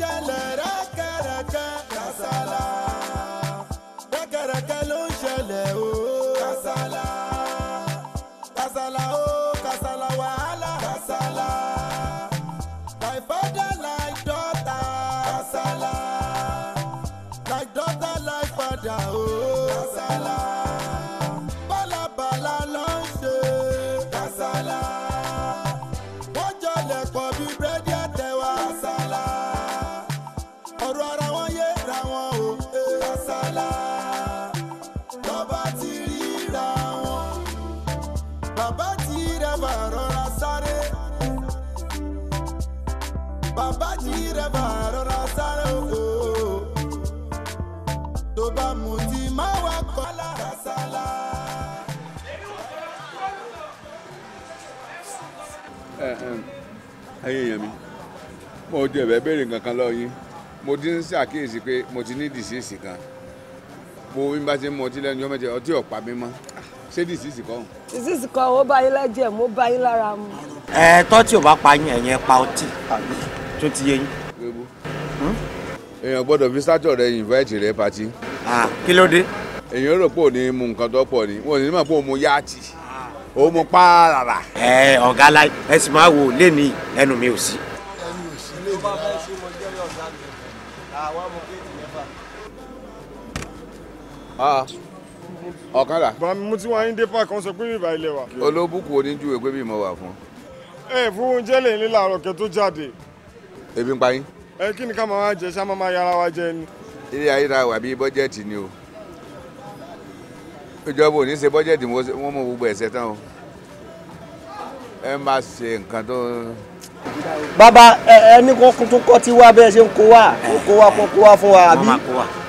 ṣẹlẹ̀ rẹ́kẹ̀rẹ́kẹ́ kasala, rẹ́kẹ̀rẹ́kẹ́ ló ń ṣẹlẹ̀ o kásálà kásálà o kásálà wàhálà kásálà my father like daughter kasala, like daughter like father o. Oh. rẹ́bà rọra sáré. bàbá jí rẹ́bà rọra sáré ooo. tó bá mutí máa wá kọ́ lára sálá. ẹ̀yin èèyàn mi mo di ẹ̀bẹ̀ béèrè nǹkan kan lọ́ọ́ yín mo ti ń ṣàkíyèsí pé mo ti ní dìsíìsì kan mo bí n bá ti ń mu ọtí lẹ́nu ọmọ ìjẹ ọtí mi ṣé disease kọ́. disease kan ó bá yín lẹ́jẹ̀ mo bá yín lára mu. ẹ tọ́tí ò bá pa yín ẹ̀yìn ẹ pa ọtí tó ti yé yín. Hmm? èèyàn gbọ́dọ̀ fi sátọ̀ rẹ invite rẹ pati. kí ló dé. èèyàn rò pé òní mu nǹkan tó pọ̀ ni wọn ò ní mọ̀ pé òun mu yáàtì òun mu pààrà. ẹ ọ̀gá láì ẹ sì máa wò lẹ́ni ẹnu mi ò sí. ẹnu ò sí lè bá ọ̀kànlá. bàmí mo ti wá ní dépà kan sọ pé bíbá ilé wa. olóbùkún oníjúwe pé bí mo wà fún. ẹ fún oúnjẹ lè ní làárọ̀ kẹ́ tó jáde. ebi ń pa yín. ẹ kí ni ká máa wá jẹ ṣá máa máa yára wa jẹ ni. ilé ayé ra wà bíi bọ́jẹ̀tì ni o ìjọba ò ní ṣe bọ́jẹ̀tì wọ́n mú gbogbo ẹ̀sẹ̀ tán o ẹ má ṣe nǹkan tó. Baba, ẹ ní kó tún kọ́ tí wá bẹ́ẹ̀ ṣe ń kó wá kó wá kó wá fún wa àbí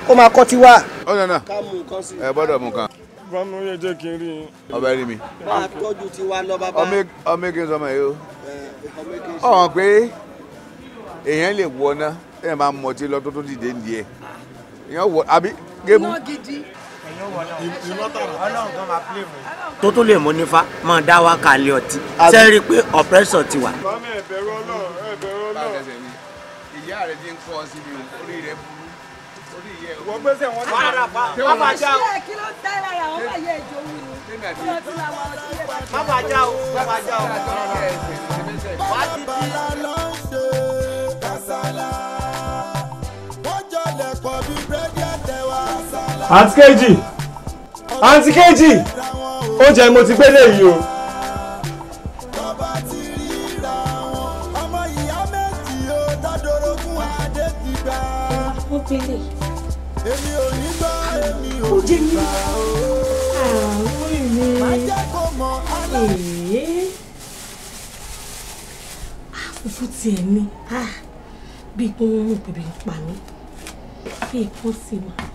kó máa kọ́ tí wá. ó nana ẹ gbọ́dọ̀ mú kan. bámu yẹ jẹ́ kí n rí i. ọbẹ̀ rí mi. máa tọ́jú tí lọ bàbá. ọmọ èké sọmọ yìí o. ọ̀hún pé èèyàn lè wọná ẹ̀ máa mọtí lọ tó tó dìde nìyẹn. èèyàn wọ àbí gébù. iná gidi tó tún lè mú nífa máa dá wa kalẹ̀ ọtí sẹ́rí pé ọ̀pẹ́sọ̀ ti wà. ti wà wọ́n jọ lẹ̀kọ́ bí bírèdì àǹtí kejì àǹtí kejì oúnjẹ mo ti gbé dé yìí o. oúnjẹ mi àwọn èèyàn àfùfù tiẹ̀ ni bíi pé wọ́n mú bèbè ń pa mí bíi pọ́sì máa.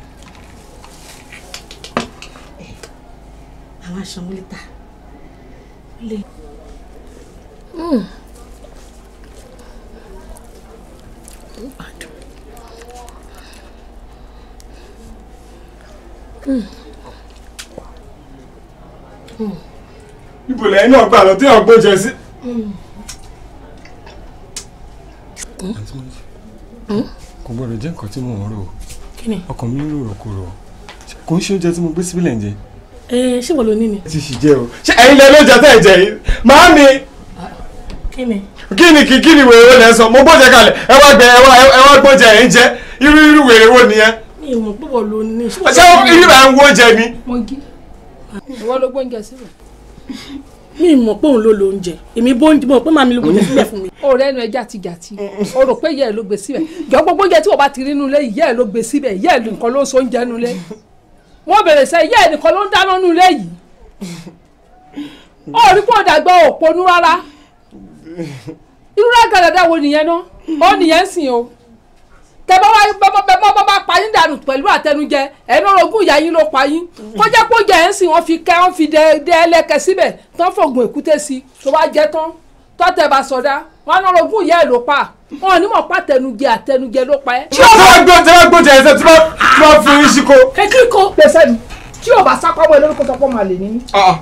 àwọn aṣanwó lítà lè. Hmm. Hmm. ibo lẹ́yìn náà gbà lọ tí wọ́n gbóúnjẹ sí. Hmm. kò gbọdọ̀ jẹ́ nǹkan tí mò ń rò ọkàn mi ń rò rò kò rò kò ń ṣe oúnjẹ tí mo gbé síbílẹ̀ ń jẹ ẹ eh, ṣé wọ́n ló ní ni. ti sì jẹ o ṣé ẹ̀yin lẹ ló jẹ tẹ ẹ jẹ yìí màá mi. kí ni. kí ni kí ni wèrè lẹ sọ mo bọ́jẹ kalẹ̀ ẹ wá gbẹ ẹ wá ẹ wá gbọ́jẹ ẹ ń jẹ irú irú wèrè wo nìyẹn. mi ò mọ̀ pé wọ́n ló ní. ṣé irú ẹ̀ ń wo oúnjẹ mi. mo gí ìwọ ló gbóúnjẹ síbẹ̀. mi mọ̀ pé òun ló lo oúnjẹ èmi bóúnjẹ mọ̀ pé màmí ló gbóúnjẹ sílẹ̀ fún mi. o rẹ nu ẹja ti jàti o rò pé yẹ ẹ ló gbé síbẹ̀ jọ gbogbo tí wọ́n bá ti rí nulẹ̀ yẹ ẹ ló gbé síbẹ̀ yẹ ẹ nǹkan ló so oúnjẹ nulẹ̀ mo bèrè sẹ ìyá ẹnìkan ló ń dáná nù lé yìí ó rí kó dàgbà òponú rárá irú rágàdàdà wo nìyẹn náà ó nìyẹn sìn o tẹ́bọ́ wá bẹ́bọ́ bá bá pa yín dànù pẹ̀lú àtẹnujẹ ẹ̀nà orogún ìyá yín ló pa yín kọjá kó jẹ́ ẹ̀ ń sìn wọ́n fi kẹ́ wọ́n fi dé ẹlẹ́kẹ̀ síbẹ̀ tán fògùn èkúté sí tó bá jẹ́ tán tọ́tẹ̀ bá sọdá wọn ẹ̀nà orogún ìyá ẹ̀ ló pa wọn ò ní mọ̀ pa tẹnujẹ àtẹnujẹ ló pa ẹ́. tí o bá gbọ́ tí o bá gbọ́ tí ẹsẹ̀ tí o bá fún yín sí ko. etí ko pèsè ni tí o bá ah, sápá wọ lórúkọ sọpọ màlè nínú. Ah, ah.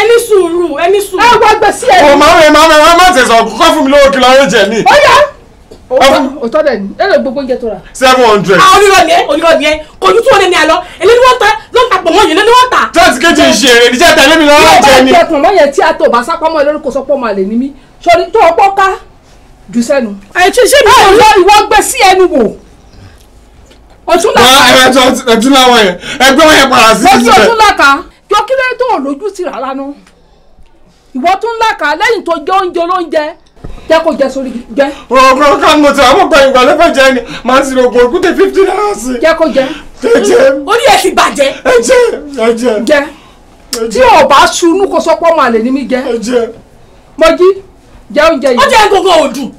ẹni sùúrù ẹni sùúrù. ẹ wá gbẹ sí ẹni. o máa ń máa ń máa tẹ̀sán kọ́ fún mi lówó kí lọ́ọ́ jẹ ní. ó yá òtọ́ dẹ̀ ni ẹ̀rọ gbogbo oúnjẹ tó rà. seven hundred. àwọn onírọ̀ ni ẹ onírọ̀ ni ẹ kojú tí wọ́n lé ní àlọ́ eléyìí wọ́n ta ló ń papọ̀ mọ́yìn lẹ́nu wọ́n ta. tẹ́sí kejì ìṣe èrè níjẹ́ tẹ̀lé mi lọ́wọ́ jẹ ni. yóò bá ìjẹkùn mọ́yẹn tí a tó bá sápamọ́ ẹ lórúkọ sọpọ́ màlè ní mí sọ ni tó o pọ́ ká jù sẹ́nu. àìtí ṣé mi ò lọ ìwọ gbé sí ẹnu wò. ọ̀túnlàkà. ọ̀túnlàwọ̀ ah, yẹn ẹgbẹ́ wọn yẹn padà sí síbẹ̀. lọ́sí ọ̀túnlàkà jọ kí lóye tó o lójú sí rárá nu. ìwọ tún làkà lẹ́yìn tó jẹ oúnjẹ lóúnjẹ jẹ́ kó jẹ sórí jẹ. ọ̀rọ̀ kan mo ti àwọn ọgbà ìgbà lẹ́fẹ̀ẹ́ jẹ ni màá sì rògbò òkúté fifty naira sí. jẹ́ kó jẹ. ẹ jẹ. orí ẹ ti bàjẹ́. ẹ jẹ ẹ jẹ. jẹ tí o bá sunú kó sọ pé ọmọ àlè ni mí jẹ. ẹ jẹ. mo jí jẹ oúnjẹ yìí. ó jẹ́ gbogbo òdù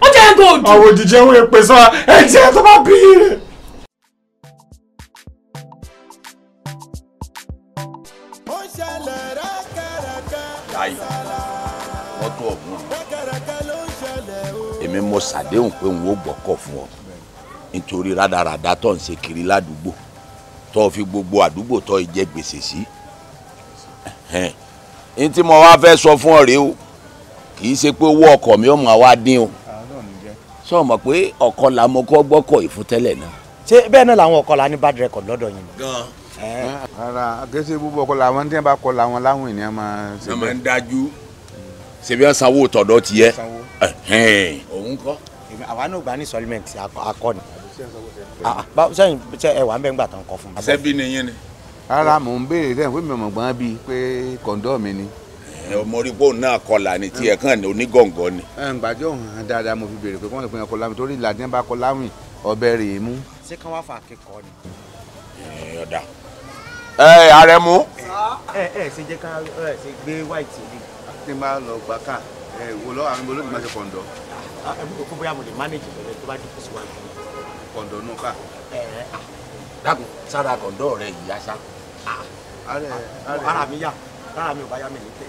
ó jẹ́ gbogbo òdù. àwọn òdìjẹ́ ń pè sọ ẹ̀jẹ̀ tó bá bí rẹ̀. láyé mọ́tò ọ̀gbun èmi mo ṣàdéhùn pé n ó gbọ́kọ̀ fún ọ nítorí rádaràda tó ń ṣe kiri ládùúgbò tó fi gbogbo àdúgbò tó jẹ gbèsè sí n tí mo wá fẹ́ sọ fún ọ rèé o kì í ṣe pé owó ọkọ mi ò mọ àwa dín o sọ ma pé ọkọ la mo kọ gbọkọ ìfúntẹlẹ náà. ṣé bẹ́ẹ̀ náà làwọn ọkọ la ní bad record lọ́dọ̀ yìí. gan ara gẹ́sẹ̀ búbọ̀ ọkọ làwọn tí wọ́n bá kọ làwọn láwọn ènìyàn máa. ṣe máa ń dájú ṣebí wọn sanwó tọ̀dọ̀ tiẹ̀ òun kọ́. àwa náà gba ní sọlímẹ̀ntì akọni sẹ́yìn ẹ wà ń bẹ́ ń gbà tán kọ fún mi. sẹ́bí ni yín ni. rárá mò ń béèrè rẹ̀ pé mi ò gbọ́n bíi pé kọ̀ǹdọ́ mi ni mo rí bóun náà kọlà ni tí ẹ kàn ní onígọ̀ǹgọ̀ ni. gbàjọ́ hàn dáadáa mo fi béèrè pé wọ́n lè pe ọkọ̀ láwìn torí ìlànà bá kọ láwìn ọbẹ̀ rè é mú. ṣé kán wá fà akẹ́kọ̀ọ́ ni. ọ̀dà ẹ ààrẹ mú. ẹ ẹ ṣe jẹ́ ká ẹ ṣe gbé white mi. tí n bá lọ gbà ká ẹ wò lọ àwọn olóògbé máa ṣe kọ̀ǹdọ̀. ẹ mú kókó bóyá mo lè manage ìbẹ̀rẹ̀ tó bá dìbò síwájú. kọ̀ǹdọ̀ nù ká. ẹ ẹ dákun sára kọ̀ǹdọ̀ rẹ yìí aṣá. ara mi yá ara mi ò bá yá mi ní.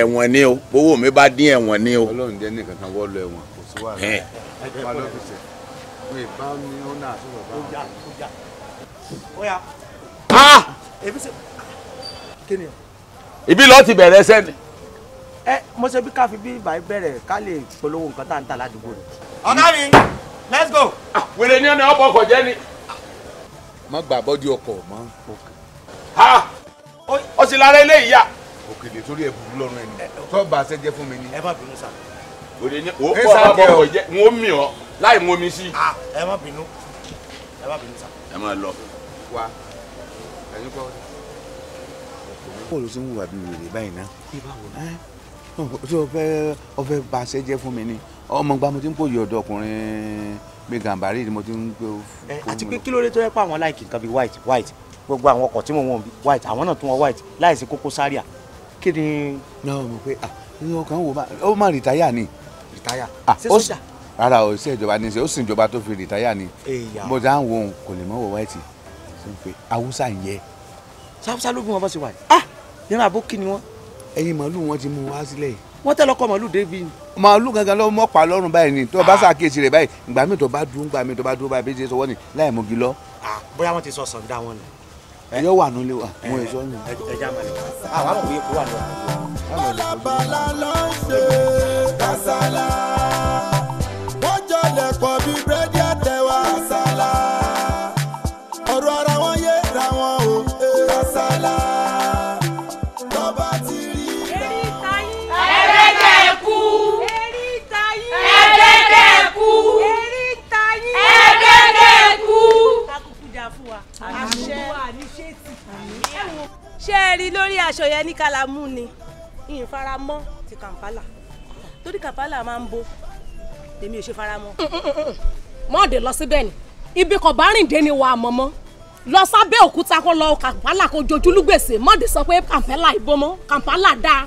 ẹ̀wọ̀n ni o owó mi bá dín ẹ̀wọ̀n ni o. Ọlọ́run jẹ́ nìkan kan wọ́ọ́ lọ ẹ̀wọ̀n kò sí wàhálà wà lọ́fíìsì ẹ̀ bá mi ó náà sọ bàbá mi. ó yà ibi lọ ti bẹ̀rẹ̀ sẹ́ni. ẹ mo ṣe bí ká fi bí ìbá bẹ̀rẹ̀ ká lè polówó nǹkan tá à ń tà ládùúgbò rẹ̀. ọ̀gá mi let's go. Ah, wèrè ní ọ̀nà ọkọ̀ ọkọ̀ jẹ́ ni. má gbà bọ́dí ọkọ̀ mọ́. ó sì lára eléyìí yá òkèlè torí ẹ̀ burú lọ́rùn ẹ̀ ni tọ́ba àṣẹjẹ fún mi ni. ẹ má bínú sá. òde ní o kọ́ ọba bọ̀ jẹ́ n ó mì ọ́ láì mú omi sí. Ah, ẹ má bínú ẹ má bínú sá. ẹ má lọ. wa ẹni kọ́ bọ́ọ̀lù tí ń wùwà bí wèrè báyìí ná tí ọfẹ ọfẹ baṣẹ jẹ fún mi ni ọmọ gba mo ti ń pòyì ọ̀dọ̀ ọkùnrin mi gàmbàrí ni mo ti ń gbé o. àti pé kí ló dé tó yẹ pé àwọn láìkì nǹkan bíi white white gbogbo àwọn ọkọ̀ tí mo wọ̀n bíi white àwọn náà tún wọ white láìsí kókó sáríà kí ni. náà mo pe ah ìyẹn ọkàn wo ah, ó máa rìtáyà ni. rìtáyà ṣé sójà rárá o iṣẹ́ ìjọba ní í ṣe ó sì ń jọba tó fi rìtáyà ni mo dá wo kò lè mọ́ wọ wáìtì ṣe ń pe haúsá ń yẹ. sáfúsá ló gún wọn bọ́ sí wa yìí. ah yẹn àbó kí ni wọn. ẹyin màálùú wọn ti mú wá sílẹ̀ yìí. wọ́n tẹ́ lọ́kọ́ màálùú débi ni. màálùú gangan ló mọ́pá lọ́rùn báyìí ni tó bá ah. ṣàkíyèsí yóò wà nílé wa mo èso ni. ẹja àwọn àpò yẹn wà lọ. babalá kásálà. rí lórí aṣọ yẹn ní kalamu ni ìyìn faramọ́ ti kàmpálà torí kàmpálà máa ń bo tèmi ò ṣe faramọ́. mọ́ọ̀dé lọ síbẹ̀ ni ibi kan bá rìn dé ni mọ̀ mọ́ lọ sábẹ́ òkúta kó lọ kàmpálà kó jojúlú gbèsè mọ́ọ̀dé sọ pé kàmpálà ìbomọ́ kàmpálà dáa.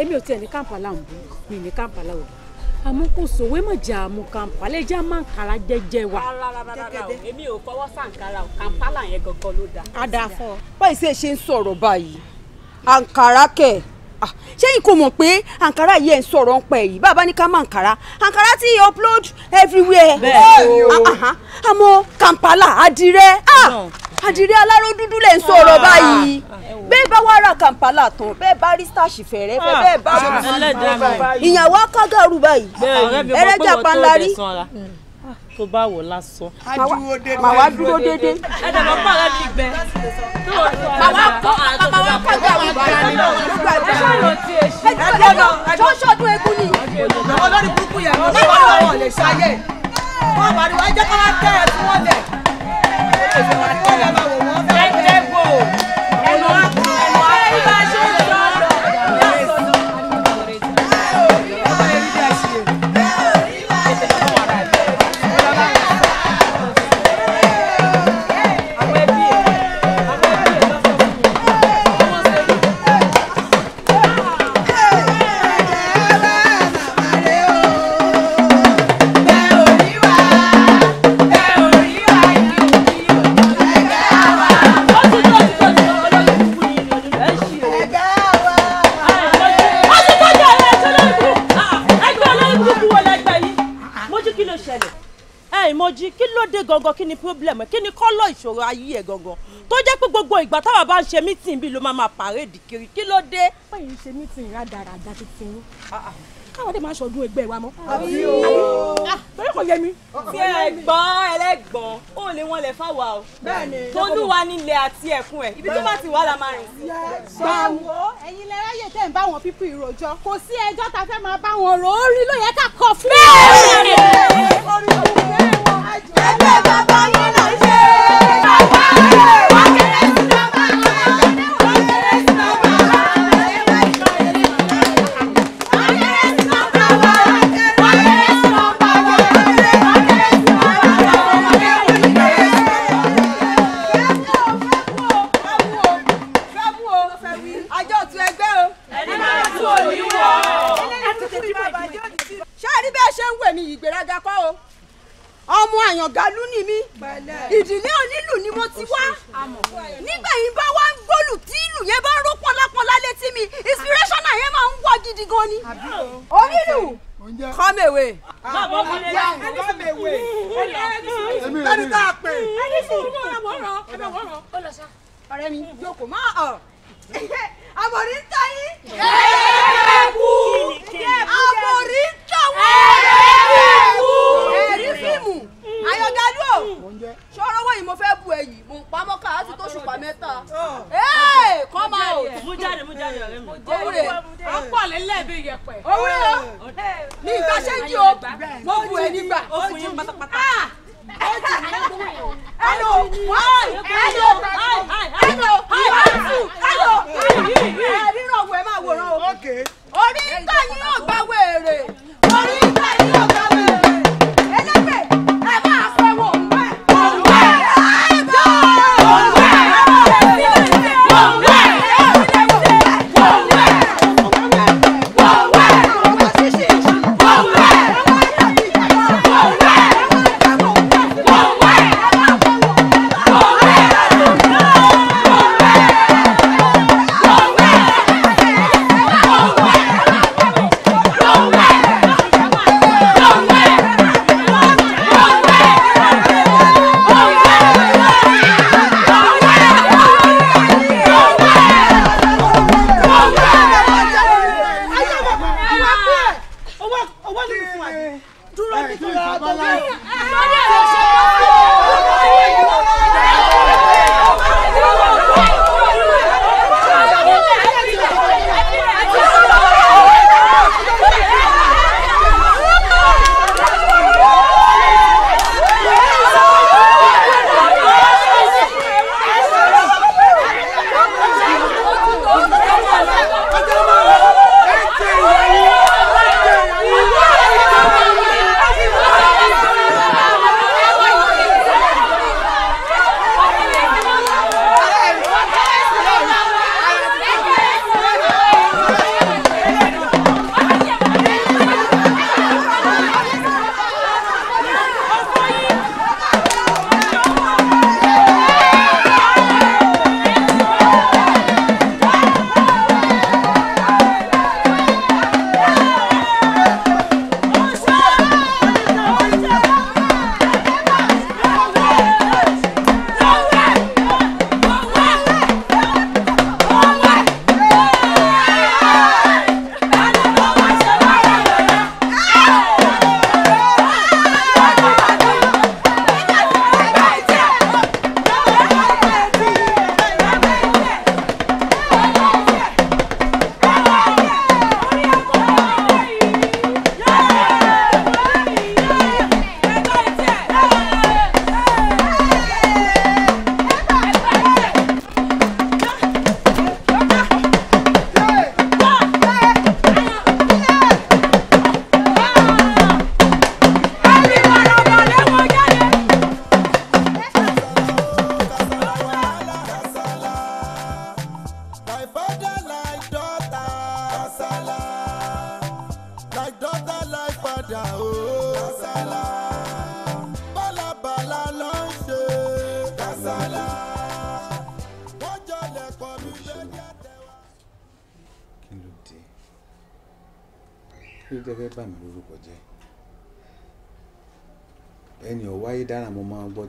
èmi ò tiẹ̀ ní kàmpálà ń bú mi ní kàmpálà ò dá amukoso wé mọ̀ jẹ́ àmú kàǹpálá ẹ̀jẹ̀ àmà nkàrà jẹ́jẹ́ wa. èmi ò fọwọ́ sàǹkàrà kàǹpálá yẹn gangan ló dáa. a dáa fọ báyìí ṣe ṣe ń sọ̀rọ̀ báyìí àǹkàrà kẹ̀ Ah, ṣẹ́yìn kò mọ̀ pé àǹkárá yìí ẹ̀ ń sọ̀rọ̀ ń pẹ̀ yìí bàbá ní ká má àǹkárá àǹkárá ti upload everywhere ah, ah, àmọ́ kàǹpálà àdìrẹ àdìrẹ aláró dúdú lẹ̀ ń sọ̀rọ̀ báyìí bẹ́ẹ̀ bá wá ra kàǹpálà tán bẹ́ẹ̀ bá rí starch fẹ̀rẹ̀ bẹ́ẹ̀ bá ìyàwó akágàrú báyìí ẹlẹ́jà panlárí Ah, tó bá wọ̀ lásán. màá wá dúró déédéé. ẹ̀dẹ̀ mọ̀ pàrọ̀ ní ìgbẹ́. màá wá kọ́ màá wá kọ́ gàwé ìgbàlá ní ìgbà tí a lọ sí èṣù. ẹ̀jẹ̀ lọ tó ṣọdún egun ni. àwọn olórí burúkú yẹn wọn ló wọn lọ́wọ́ lè ṣayé. wọn àbàdìwọ̀ ẹjẹ́ kọ́ wá tẹ̀ ẹ̀ fún wọn lẹ̀. ó lè fi wọn tẹ̀lé báwo. dé gangan kí ni problem kí ni kọ́lọ̀ ìṣòro ayé ẹ̀ gangan tó jẹ́ pé gbogbo ìgbà táwa bá ń ṣe mítìn bíi ló máa máa pàrédì kiri kí ló dé. báyìí ń ṣe mítìn rádaràda títí yín ah, ah. káwọn dé máa ṣọdún ẹgbẹ́ wa mọ́. àbí o ah, torí kò yẹ mi. ṣé ẹ̀gbọ́n ẹlẹ́gbọ́n ó lè wọn lẹ fáwa o. bẹ́ẹ̀ni tolúwa nílẹ̀ àti ẹkùn ẹ ibi tó bá ti wà la rìn sí. gbàwó lẹ ráyè tẹ́ ń bá wọn pípín ìròjọ kò sí ẹjọ́ ta fẹ́ máa bá wọn rò ó rí ló ká kọ fún. bẹ́ẹ̀ni ẹgbẹ́ bàbá yín náà ṣe. àyàngalú ni mi ìdílé onílù ni mo ti wá nígbà yìí bá wá ń gbólù tí ìlù yẹn bá ń ró pọ́nlápọ́nlá létí mi inspirational yẹn máa ń wọ́ gidi gan ni onílù come away. bàbá mi lè yà wọ́n come away. ẹni tá a pè. ẹni sùúrù náà wọ̀rọ̀ ẹ̀bẹ̀ wọ̀rọ̀ ó lọ sá. ọ̀rẹ́ mi jókòó má ọ̀ àbòrí ń tọ́ yín. ẹ̀ẹ́dẹ̀kù àbòrí ń tọ́ wọ́n. ẹ̀ẹ́dẹ̀kù ẹ̀rí fíìmù. Ayọ̀dálú o ṣọ́rọ́ wọ̀nyí mo fẹ́ bu èyí mo ń pamọ́ ká á ti tó ṣùpà mẹ́ta ee kọ́ máa o. mú jáde mú jáde ọ̀rẹ́ mi. òwúrẹ̀ à ń pọ̀ lélẹ̀ bí yẹpẹ̀. òwúrẹ̀ o ní ìgbà ṣé jí o mo bu ẹ nígbà. ó fún yín pátápátá. ẹnu wáì ẹnu ẹnu ìwádìí ẹnu ẹnu rírọ̀ wẹ̀ máa wòran o. orí ìgbà yín ọ̀gbà wèrè.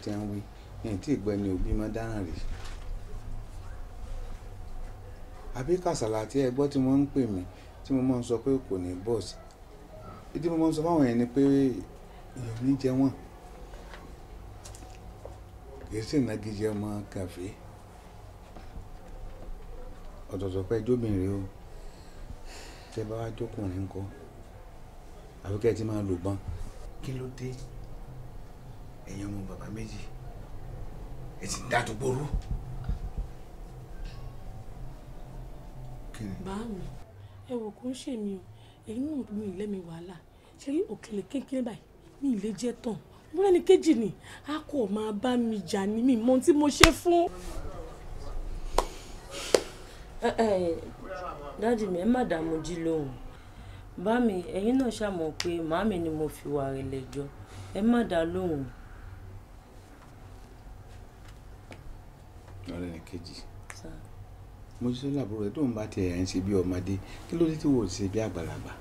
tí wọ́n wí ní tí ìgbẹ́ni òbí mọ́ dáràn rèé àbí kàsàlà tí ẹ gbọ́ tí wọ́n ń pè mí tí mo máa ń sọ pé kò ní bọ́ọ̀sì ìdí mo máa ń sọ fáwọn yẹn ni pé èèyàn ní jẹ wọ́n kìí sì nagijẹ ọmọ kàfé ọ̀tọ̀ọ̀tọ̀ pé jóbìnrin o tẹ bá wá jókòó ní nǹkan àbíkẹ́ ti máa lò bán kí ló dé ẹ̀yin ọmọ bàbá méjì ẹ ti dá àdúgbò rú. ẹ wò kó ń ṣe mi o èyí náà mi ì mi wàhálà ṣe rí òkèlè kékeré báyìí mi ì lè jẹ́ tán mo rẹ́ni kejì ni a kò máa bá mi jà ní mi mọ tí mo ṣe fún. dáàdì mi ẹ má dààmú jí lóhùn bá mi ẹ̀yin náà ṣàmọ̀ pé màámi ni mo fi wà rẹ̀ lẹ́jọ́ ẹ má dá lóhùn. ọ̀rẹ́ rẹ̀ kejì Mojísọ́lá àbúrò rẹ̀ tó ń bá tiẹ̀ ẹ̀ ń ṣe bí ọmọdé kí ló dé tí wò ó ṣe bí àgbàlagbà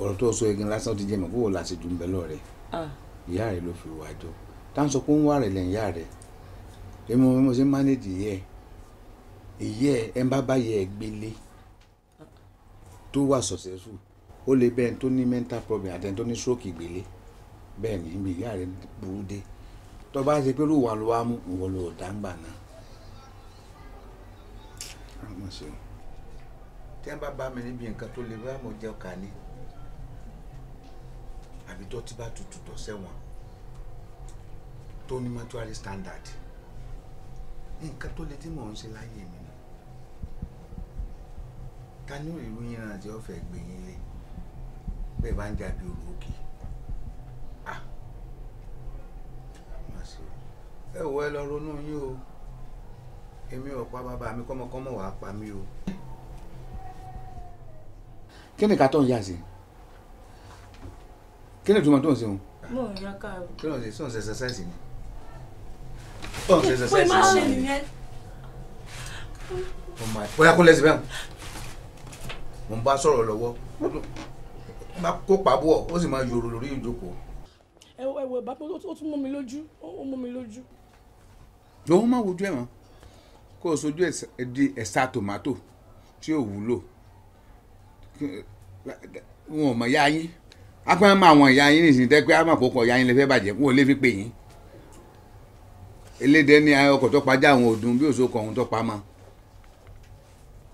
ọ̀rọ̀ tó sọ egin lásán ti jẹ́ mọ̀ kó wò láti dùn bẹ́ẹ̀ lọ́rẹ̀ ìyá rẹ̀ ló fi wà jọ tá à ń sọ pé ń wà rẹ̀ lẹ́yìn ìyá rẹ̀ èmi mo ṣe mánéjì yẹ ìyẹ́ ẹ ń bá báyẹ̀ ẹ gbélé tó wà successful ó lè bẹ́ẹ̀ tó ní mental problem àtẹ̀ tó ní stroke ìgbélé bẹ́ẹ̀ ni ìyá rẹ̀ burú dé tó bá ṣe pé lóòwà ló wá mú ìwọ ló dáńgbà náà. tí wọ́n bá bá mi níbi nǹkan tó lè bá mọ̀ jẹ́ ọ̀kà ni àbí tó ti bá tutù tọ̀ sẹ́wọ̀n tó ní mọ́túárì standard nǹkan tó lè tí mò ń ṣe láyé mi ni ta ni òrìrú yín rántí ọ̀fẹ́ gbẹ̀yìn lé bẹ́ẹ̀ bá ń jà bí olùkí. ẹ wò ẹ lọ ronú yín o èmi ò pa bàbá mi kọ́mọkọ́mọ wàá pa mí o. kí ni ká tó ń yà sí kí ni ìtumọ̀ tó ń sẹ́wọ̀n. mo ń yá káàró. kí ló ń ṣe sọ ń ṣe exercise ni. ó ń ṣe exercise ni. pé má ṣe nìyẹn. Oh bóyá kó lẹ́sìn bẹ́ẹ̀ mo ń bá sọ̀rọ̀ lọ́wọ́ kó pàbọ̀ ó sì máa yòrò lórí ìjókòó. ẹ wo ẹ wo bàbá ó tún mú mi lójú ó mú mi lójú lọ́wọ́ má wojú ẹ̀ mọ́ kó o sojú di ẹ̀sà tí ò wúlò wọn ò mọ̀ ya yín apẹ́wọ́n máa wọ̀n ya yín nìsín tẹ́ pé àmọ̀ ya yín lè fẹ́ bàjẹ́ wọn ò lè fi pè yín elédè ní ọkọ̀ tó pajá àwọn ọdún bí òṣòkò ọ̀hún tó pamọ́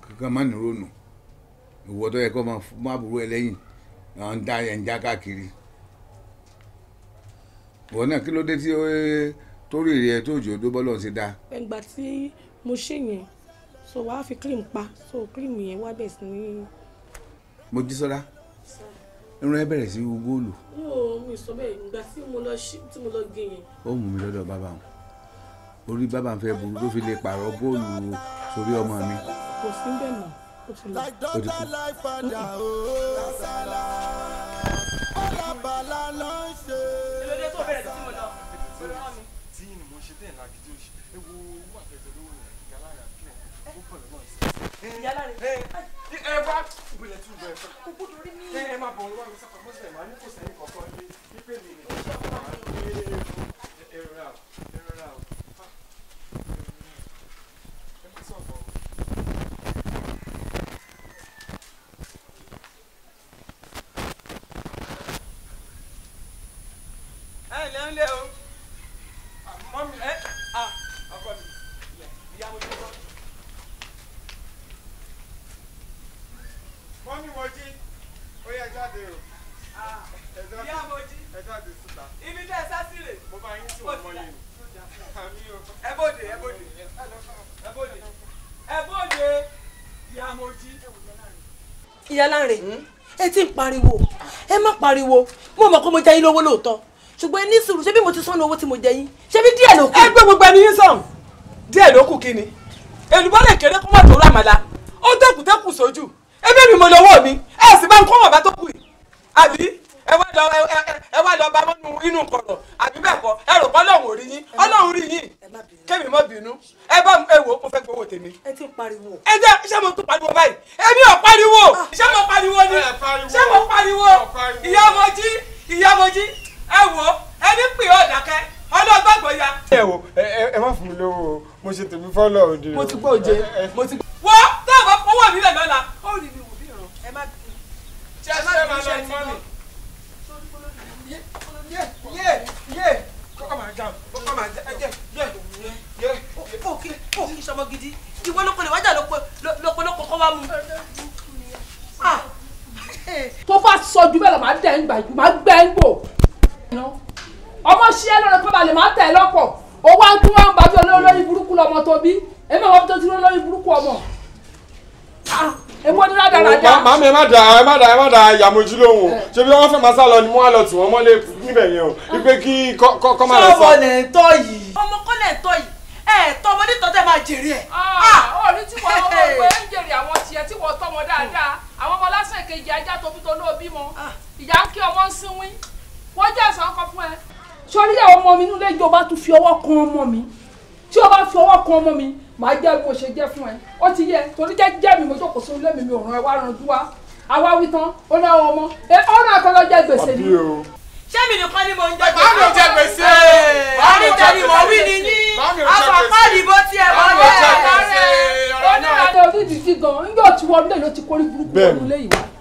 kankan má nìrónù ìwọ tó yẹ kó má burú ẹ lẹ́yìn àwọn ń dá ẹ̀ ń já káàkiri ìwọ náà kí ló dé tí ó torí rẹ tó jò dó bọ́lọ̀ ti da. ẹgbà tí mo ṣe yẹn so wàá fi cream pa so cream yẹn wá bẹ̀ sí ní. mo jí sọ́dá irun ẹ bẹ̀rẹ̀ sí góòlù. yóò mi sọ bẹ́ẹ̀ ìgbà tí mo lọ tí mo lọ gé yẹn. ó mú mi lọ́dọ̀ bàbá wọn orí bàbá fẹ́ burú ló fi lè pààrọ̀ góòlù sórí ọmọ mi. kò sí bẹ́ẹ̀ mọ́ ó ti lọ. ó ti kú. yálà rẹ. ẹ wá ìbílẹ̀ tún bẹ̀rẹ̀ fún. kò gbọdọ̀ rí mi. ẹ má bọ̀ wá mi sábà mo sì lè máa ní kò sẹ́yìn kọ̀ọ̀kan ní pípé mi ní ìjọba máa ń gbé ẹ rà ó ẹ rà ó. ẹ má sọ̀rọ̀. ẹ lẹ́nu lé o. jáde síta. ibi tẹ́ ẹ sá sílẹ̀. mo bá yín tí mo mọ yìí ni. ẹ bóde ẹ bóde ẹ bóde ẹ bóde ìyá mo jí. ìyá Lánre ẹ ti ń pariwo ẹ má pariwo mo mọ̀ pé mo jẹ́ yín lówó lóòótọ́ ṣùgbọ́n ẹ ní sùúrù ṣé bí mo ti sọ́nù owó tí mo jẹ yín ṣé bí díẹ̀ ló kù. ẹ gbé gbogbo ẹni yín sàn díẹ̀ ló kù kí ni èlùbọ́ lè kéré kó má tó rámàlà ó tẹ̀kùtẹ̀kù sójú ẹbí mi mo lọ́wọ́ mi ẹ sì bá ń kọ́ wọn bá tó kù àbí ẹ wá lọ ẹ wá lọ bá mọ́nu inú kọ̀rọ̀ àbí bẹ́ẹ̀ kọ́ ẹ rò pé ọlọ́run ò rí yín ọlọ́run rí yín kémi má bínú ẹ bá ẹ wò ó fẹ́ gbowó tèmi. ẹ ti pariwo. ẹ jẹ́ ṣé mo tún pariwo báyìí èmi ò pariwo ah. ṣé mo pariwo ni ṣé mo pariwo ìyá mo jí ìyá mo jí ẹ wò ẹni pè ọ́ dákẹ́ ọlọ́gbàgbọ́ ya. ẹ wo ẹ má fún mi lówó mo ṣe tèmi fọlọ òde. mo ti gbọ́ òjé mo ti. wọ́ táwọn fọwọ́ mi lẹ̀ lọ́la ó rí mi wò bí ìrọ̀ ẹ má bínú. ṣé ẹ má bínú ṣe é ti mi yeah, yeah. Come on, jam. Come on, yeah, yeah, yeah. Okay, okay, ṣọmọ gidi. Ìwọ ló pẹ̀lẹ́ wájà lọ́pọ̀lọpọ̀ kọ́ wá mu. Ah. Tó bá sọ ju bẹ́ẹ̀ lọ, màá dẹ̀ ń gbà jù, màá gbẹ́ ń gbò. Ọmọ ṣiṣẹ́ lọ́dọ̀ tó balẹ̀ máa tẹ̀ lọ́pọ̀. Owó àti wọn bá bí olórí burúkú lọmọ tó bí. Èmi àwọn tó ti rí olórí burúkú ọmọ. Ah èmi ò ní rádaràdà. màmí ẹ má da ẹ má da ẹ má da ìyàmójú lóhùn o ṣé bí wọn fẹ́ máa sá lọ ni mo wá lọ tì wọn mọ́lẹ̀ níbẹ̀ yẹn o ipe kí kọ́ máa lọ sá. sọ́wọ́ lẹ̀ ń tọ́ yìí. ọmọ kọ́ lẹ̀ ń tọ́ yìí ẹ tọ́ ọmọ nítọ́ tẹ́ máa jèrè ẹ̀. orí ah, ah! tí wọn ọmọ ẹgbẹ́ ń jèrè àwọn tiẹ̀ tí wọ́n tọ́mọ dáadáa àwọn ọmọ lásán èkejì ajá tóbi tó lóò bímọ ah! ìyá ń kí ọmọ ń sínwín wọ́n jẹ́ ẹ̀sán ọkọ fún ẹ. sọ́rí àwọn ọmọ mi nílé ìjọba tún fi ọwọ́ kan ọmọ mi tí o bá fi ọwọ́ kan ọmọ mi màá jẹ́ bí mo ṣe jẹ́ fún ẹ ó ti yẹ torí jẹ́ jẹ́ mi mo jókòó sí ilé mi mi ẹ wá ràn dúwá àwa wí tán ó náwó ọmọ ẹ ọ̀nà àkọlọ gbèsè ni. ṣé mi nìkan ni mo ń jẹ gbèsè. báwo jẹ gbèsè. báwo jẹ gbèsè. mo wí ni yín àpapọ̀ ìdìbò tí ẹ bọ́ lẹ́ẹ̀. báwo jẹ gbèsè. ó ní àtẹ̀wé dídí gan-an ń yóò ti wọ́n lé ló ti kórìí burúkú lórí ilé ìwà.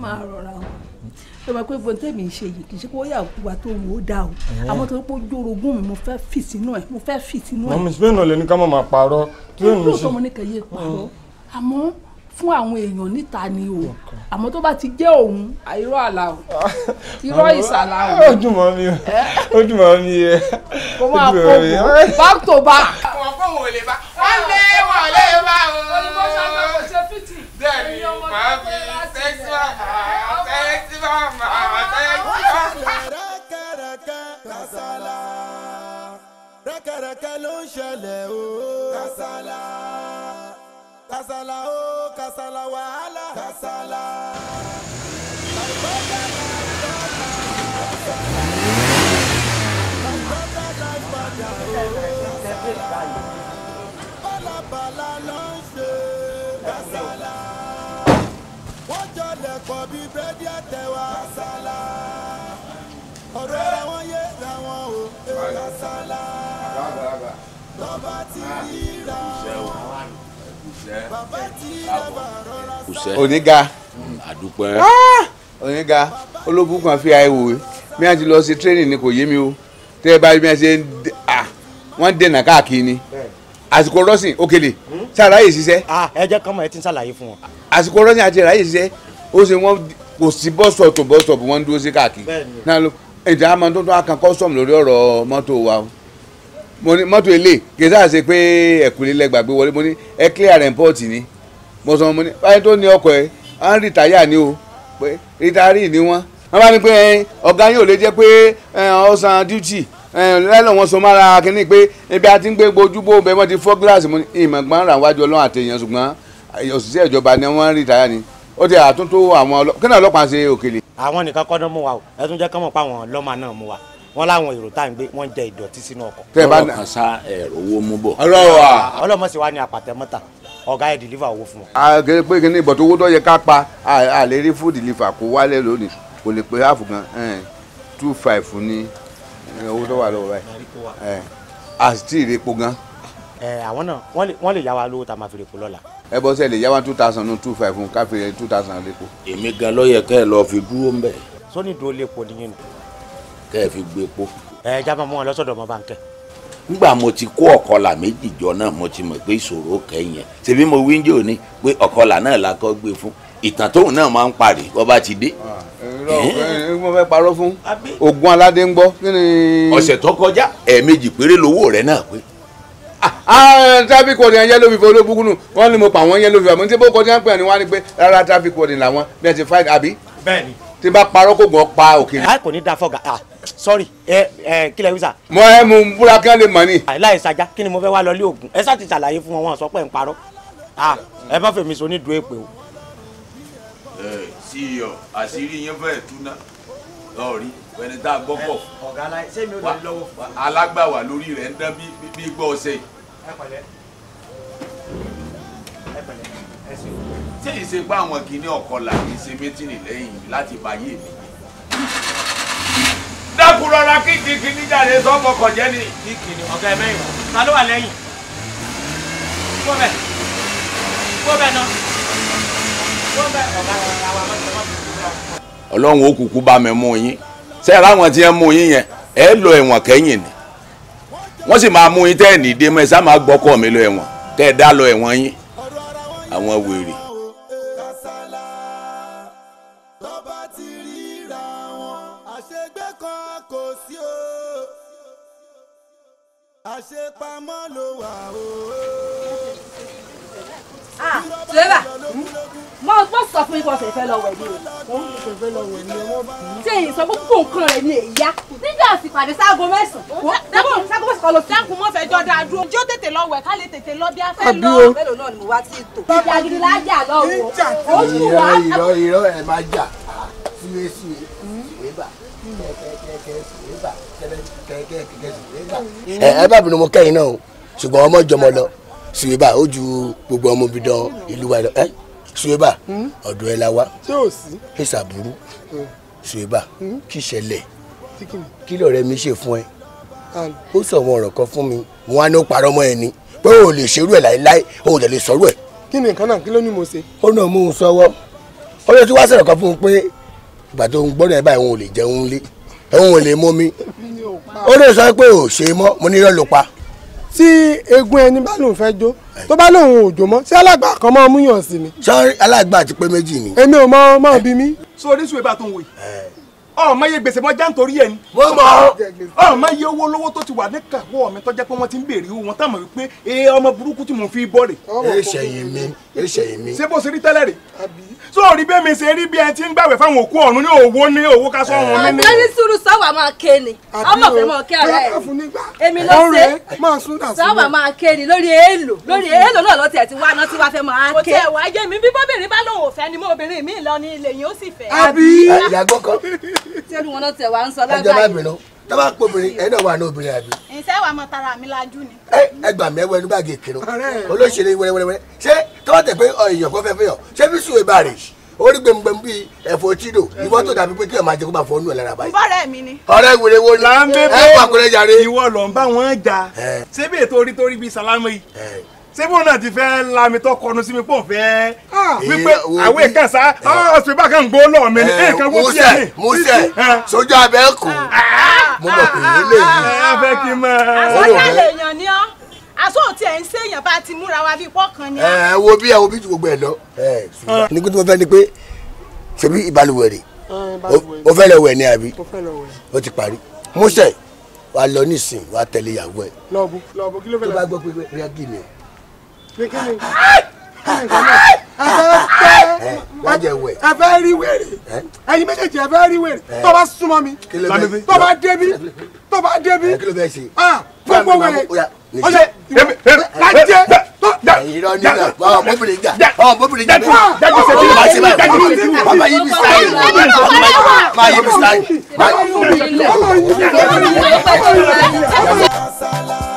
máa rọra o ẹ máa pé bọ́ńtẹ́mì ṣe yìí kì í ṣe pé yà wá tó wò ó dà o àmọ́ tó ń pọ́ mi mo fẹ́ fì sínú ẹ̀ mo fẹ́ fì sínú ẹ̀. mọ̀mí spain náà ká máa parọ́ kí ló tó mo ní kẹyẹ parọ́ àmọ́ fún àwọn èèyàn níta ni o àmọ́ tó bá ti jẹ́ òun irọ́ àlà o irọ́ ìsàlà o. ojúmọ́ mi o ojúmọ́ mi yẹ ojúmọ́ mi yẹ. back to back. wọ́n fún wọn lè bá wọ́n lé wọ́n lè bá o. olùkọ́ sábà kò ṣe fìtì. bẹ́ẹ̀ ni màá fi sẹ́kṣual kasala rẹkẹrẹkẹ ló ń ṣẹlẹ̀ o kasala kasala o kasala wàhálà kasala. ọ̀rọ̀ bíi búrẹ́dì àtẹ̀wà àsálà ọ̀rọ̀ àwọn yé làwọn ò èrò àsálà lọ́ba ti ríra wọn bàbá ti rábà rọra sá. oníga hmm, àdúpẹ́ ah! oníga olóbùkún kan fi àìwò mi àti lọ sí tírénì ni kò yé mi o tẹ́ ẹ bá rí mi àti ṣe ń wọ́n dènà káàkiri ni àsìkò rọ́sìn òkèlè ṣàlàyé ṣiṣẹ́. Ah, ẹ jẹ́ kọ́mọ ẹ ti ń ṣàlàyé fún wọn. àsìkò rọ́sìn àti ìràyè ṣiṣẹ́ ó ṣe wọ́n kò sí bọ́sọ̀ tó bọ́sọ̀ bó wọ́n dúró sí káàkiri náà ló ǹjẹ́ máa tó lórí ọ̀rọ̀ mọ́tò wa mo ní mọ́tò ilé kì sáà ṣe pé ẹ̀kúlé lẹ́gbàgbé wọlé mo clear ni mo sọ mo ní tó ní ọkọ̀ ẹ̀ à ń ni o pé ni wọ́n wọ́n bá ní pé ọ̀gá lè jẹ́ pé ọ̀sán duty wọn so mára pé ibi àti ń gbé bẹ́ẹ̀ ti fọ́ gíláàsì ràn wájú ọlọ́run ṣùgbọ́n òṣìṣẹ́ ìjọba ni wọ́n ni ó ti àtúntò àwọn ọlọ́pàá kí ni ọlọ́pàá ṣe òkèlè. àwọn nìkan kọ́ dán mú wa o ẹ tún jẹ́ kọ́ mọ̀ pé àwọn ọlọ́mà náà mú wa wọn láwọn èrò tá à ń gbé wọn jẹ ìdọ̀tí sínú ọkọ̀. tẹ bá náà sa ẹ̀rọ owó mú bọ̀. ọlọ́mọ sì wá ní àpàtẹ́mọ́ta ọ̀gá ẹ̀ dìlífà owó fún wọn. a kì í pé kí ni ìbọ̀tọ̀ owó tó yẹ ká pa a lè rí fún dìlífà kó wálé lónìí kò lè pé half gan two five ní owó tó wà lọ́wọ́ báyìí a sì tí ì rí gan ẹ eh, àwọn náà wọ́n lè yá wa lówó tá a máa fi rèpo lọ́la. ẹ bọ́ sẹ́ẹ̀ lè yá wa two thousand ní two five fún ká fi two thousand lépo. èmi gan ló yẹ kẹ́ ẹ lọ́ọ́ fi dúró mbẹ́. sóní dúró lépo nìyẹn nù. kẹ́ ẹ fi gbé epo. Eh, ẹ jábọ̀ mọ́ wọn lọ́sọ̀dọ̀ ọmọ báńkẹ́. nígbà mo ti kó ọ̀kọlà méjì jọ náà mo ti mọ̀ pé ìṣòro kẹ́yìn ṣèbí mo wí ní òní pé ọ̀kọlà náà la kọ́ gbé fún ìtàn tóun náà máa ń parí bọ́ bá ti dé. Ah, mo fẹ́ parọ́ fún ogun aládé ń gbọ́. ọ̀sẹ̀ tó kọjá ẹ̀ẹ̀mejì péré lowó rẹ̀ náà pé Ah, eh, traffic warden yẹn ló fi fọ olóbùkún nù wọ́n ní mo pa wọ́n yẹn ló fi àmọ́ tí bó kọjá ń pè ní wọ́n á ní pé rárá traffic warden làwọn bí ẹ ti fight àbí. bẹ́ẹ̀ni. tí bá parọ́ kò gbọ́n pa òkè. a kò ní da fọgà ah sorry ẹ eh, ẹ eh, kílẹ̀ wíṣà. mo ẹ mú búra kí wọn lè mọ ni. láì sàjà kí ni mo fẹ́ wá lọ lé ògùn ẹ sá ti ṣàlàyé fún wọn wọn sọ pé ń parọ́ ah ẹ bá fèmí so nídùú èpè o. E ẹ sí iyọ àṣírí yẹn fẹ́ẹ̀ túná lọ́ọ̀rí ẹni tá a gbọ́ pọ̀ alágbàwà lórí rẹ̀ ń dán bí gbọ́ ọ̀sẹ̀ yìí ẹ pẹ̀lẹ́ ẹ pẹ̀lẹ́ ẹ ṣe. ṣé ìṣèpá àwọn kìíní ọ̀kọlà kì í ṣe mítìnì lẹ́yìn láti bá yé mi dákúrọ́ra kí kìkìní jáde sọ́mọ kọ̀jẹ́ ni. kìkìní ọ̀gá ẹ mẹ́yìn ta ló wà lẹ́yìn. kó bẹ́ẹ̀ kó bẹ́ẹ̀ ná kó bẹ́ẹ̀ ọ̀gá àwọn ọmọ ọlọ́run ó kúkú bá mi mú yín ṣé ẹ tí ẹ mú yín yẹn ẹ lọ ẹ̀wọ̀n kẹ́yìn ni wọ́n sì máa mú yín tẹ́ ẹ̀ ní ìdè mọ́ ẹ sá máa gbọ́kọ̀ mi lọ ẹ̀wọ̀n tẹ́ ẹ dá lọ ẹ̀wọ̀n yín àwọn wèrè. àṣepamọ́ ló wà o. Ah, sèwà hmm? mo mo sọ fún ipò ọ̀sẹ̀ lọ wẹ̀ ni o ìfẹ́ lọ wẹ̀ ni o ṣé èyí sọ gbogbo nǹkan rẹ̀ ni èyí yá nígbà àsìpàdé sáàgó mẹ́sàn-án wọ́n dákun sáàgó lọ sí. dákun mo fẹ́ jọ dáa dúró jó tètè lọ wẹ̀ ká lè tètè lọ bí a fẹ́ lọ. mélòó náà ni mo wá sí ètò. ìjà gidi la jà lọ́wọ́. ìrọ ìrọ ìrọ ẹ máa jà síwé suweba ó ju gbogbo ọmọ obìnrin ìlú wa lọ ẹ suweba hmm? ọ̀dọ̀ ẹ la wa fèsì àbúrú suweba hmm? kí ṣẹlẹ̀ kí lọ̀rẹ́ mi ṣe fún ẹ ó sọ àwọn ọ̀rọ̀ kan fún mi wọn á ní ó parọ́ mọ́ ẹ ni pé o lè ṣerú ẹ láéláé o lè lè sọrú ẹ. kí ni nǹkan náà kí ló ní mo ṣe. ó náà mú un sọwọ́ ọjọ́ tí wàá sọ̀rọ̀ kan fún un pé ìgbà tó ń gbọ́dọ̀ ẹ̀ báyìí òun ò lè jẹun lé òun ò lè mú mi ó lè sọ pé ò ṣe mọ́ mo ní irọ́ pa tí egun ẹni bá lòun fẹ́ jó tó bá lòun ò jó mọ́ ṣé alàgbà kan máa mú yàn sí mi. sọ alàgbà ti pé méjì ni. èmi ò mọ ọmọ eh. bí mi. sórí sùwé bá tó ń wò yìí eh ọmọ iye gbèsè mọ jáǹtorí ẹ ni. mo mọ. ọmọ iye owó lówó tó ti wà ní kàwọ mi tọjá pé wọn ti ń béèrè owó wọn tá a mọ wípé ee ọmọ burúkú tí mo fi bọ rè. eṣẹyìn mi eṣẹyìn mi. ṣé bó ṣe rí tẹ́lẹ̀ rè. sọ rí bẹ́ẹ̀ mi ṣe rí bí ẹ ti ń gbàwẹ̀ fáwọn òkú ọ̀run ní owó ní owó ká sọ wọn nínú. àwọn ní sùúrù máa ké ni ọmọ fẹ́ mọ kí sẹ́nu wọn náà tẹ̀ wá ń sọ lágbàáyé. ẹjọ́ má bínú tó bá pọ̀ obìnrin ẹ̀ náà wà ní obìnrin àbí. ìṣe wa mọ tara mi lajú ni. ẹ ẹ gbà mí ẹwọ ẹnu báàgì kinu olóṣèlú wẹrẹwẹrẹ ṣé tó bá tẹ̀ pé èèyàn kan fẹ́ fẹ́ yàn ṣé bí sùn ìbá rè orí gbẹmugbẹmu bíi ẹ̀fọ́ tídò ìwọ tó dàbí pé kí ẹ máa jẹ kó bá fọ ọnù ẹ lára báyìí. bọ́rẹ̀ mi ni. ọ̀rẹ́ wèrè wo ni ẹ pàkúrẹ́ jàre. ìwọ lọ ń bá wọn jà ṣé bí ètò orí torí bíi sálámù yìí sẹ́fún náà ti fẹ́ lami tó kọnu sí mi pò fẹ́ wípé àwọn èèkàn sá ọ̀sùn eh. ah, bá kàn gbó lọ́ọ̀ mi ni èèkàn eh, eh, wó sí ẹ̀ mi. musẹ sojú abẹ kù ah. mo mọ̀ pé ilé ah. yìí. ẹ fẹ́ kí n mọ̀. àsọjá lè yàn ni ọ́ aṣọ òtí ẹ̀ ń sèyàn bá ti múra wa bí pọ́kàn ni. ẹ wo bí ẹ wo bí ju gbogbo ẹ lọ. ní kí tí mo fẹ́ ni pé ṣebí ìbalùwẹ̀ rè o fẹ́ lọ wẹ̀ ni àbí o ti parí musẹ wa lọ nísìnyí wa tẹ̀lé ìyàwó ẹ. lọ́ọ̀bù kí ló fẹ́ lọ. tó bá gbọ́ pé rẹ́gì ni o ẹ fẹ́ rí wèrè ẹ̀yin méjèèjì ẹ fẹ́ rí wèrè tó bá súnmọ́ mi tó bá débi tó bá débi gbogbo wèrè ọ̀sẹ̀ lájẹ tó dá. ìrọ ní ìlà ọ mọbìnrin jà ọ mọbìnrin jà dájú sẹ bíi màsí báyìí dájú sẹ bíi bàbá yìí bí sáyé má yìí bí sáyé má yìí bí sáyé.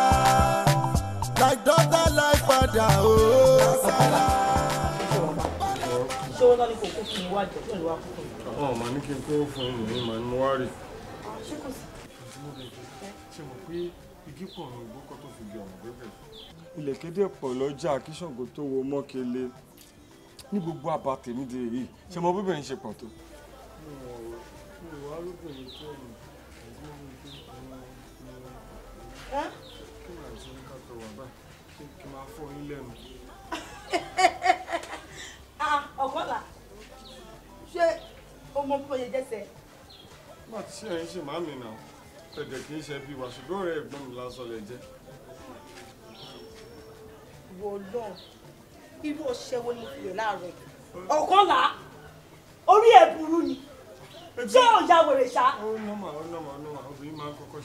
Oh, jẹ tó ìwà kúkú. àwọn ọmọ ní kí n kó fún un ní màá mú wárì. ṣé kò sí. ṣe mọ̀ pé igi fi di ọ̀nà bẹ́bẹ̀. ìlẹ̀kẹ́ dẹ̀ pọ̀ lọ́jà kí Ṣàngó tó wo mọ́kele ní gbogbo àbá tèmi dé yìí ṣe mọ bíbẹ̀ ń ṣe pọ̀ tó. kí ni àìsàn ká tọwọ́ bá kí n máa fọ yín lẹ́nu. mọ bí mo ṣe jẹ́sẹ̀. má ti ṣe ẹyin ṣe máa mi náà ẹ̀jẹ̀ kì í ṣe bí wa ṣùgbọ́n ọ̀rẹ́ ẹ̀gbọ́n mi lásán lè jẹ́. wò lọ irú ọṣẹ ni mo fi lè láàárọ̀ ọ̀kan là orí ẹ̀ burú ni ṣé ọ̀yà wèrè ṣá.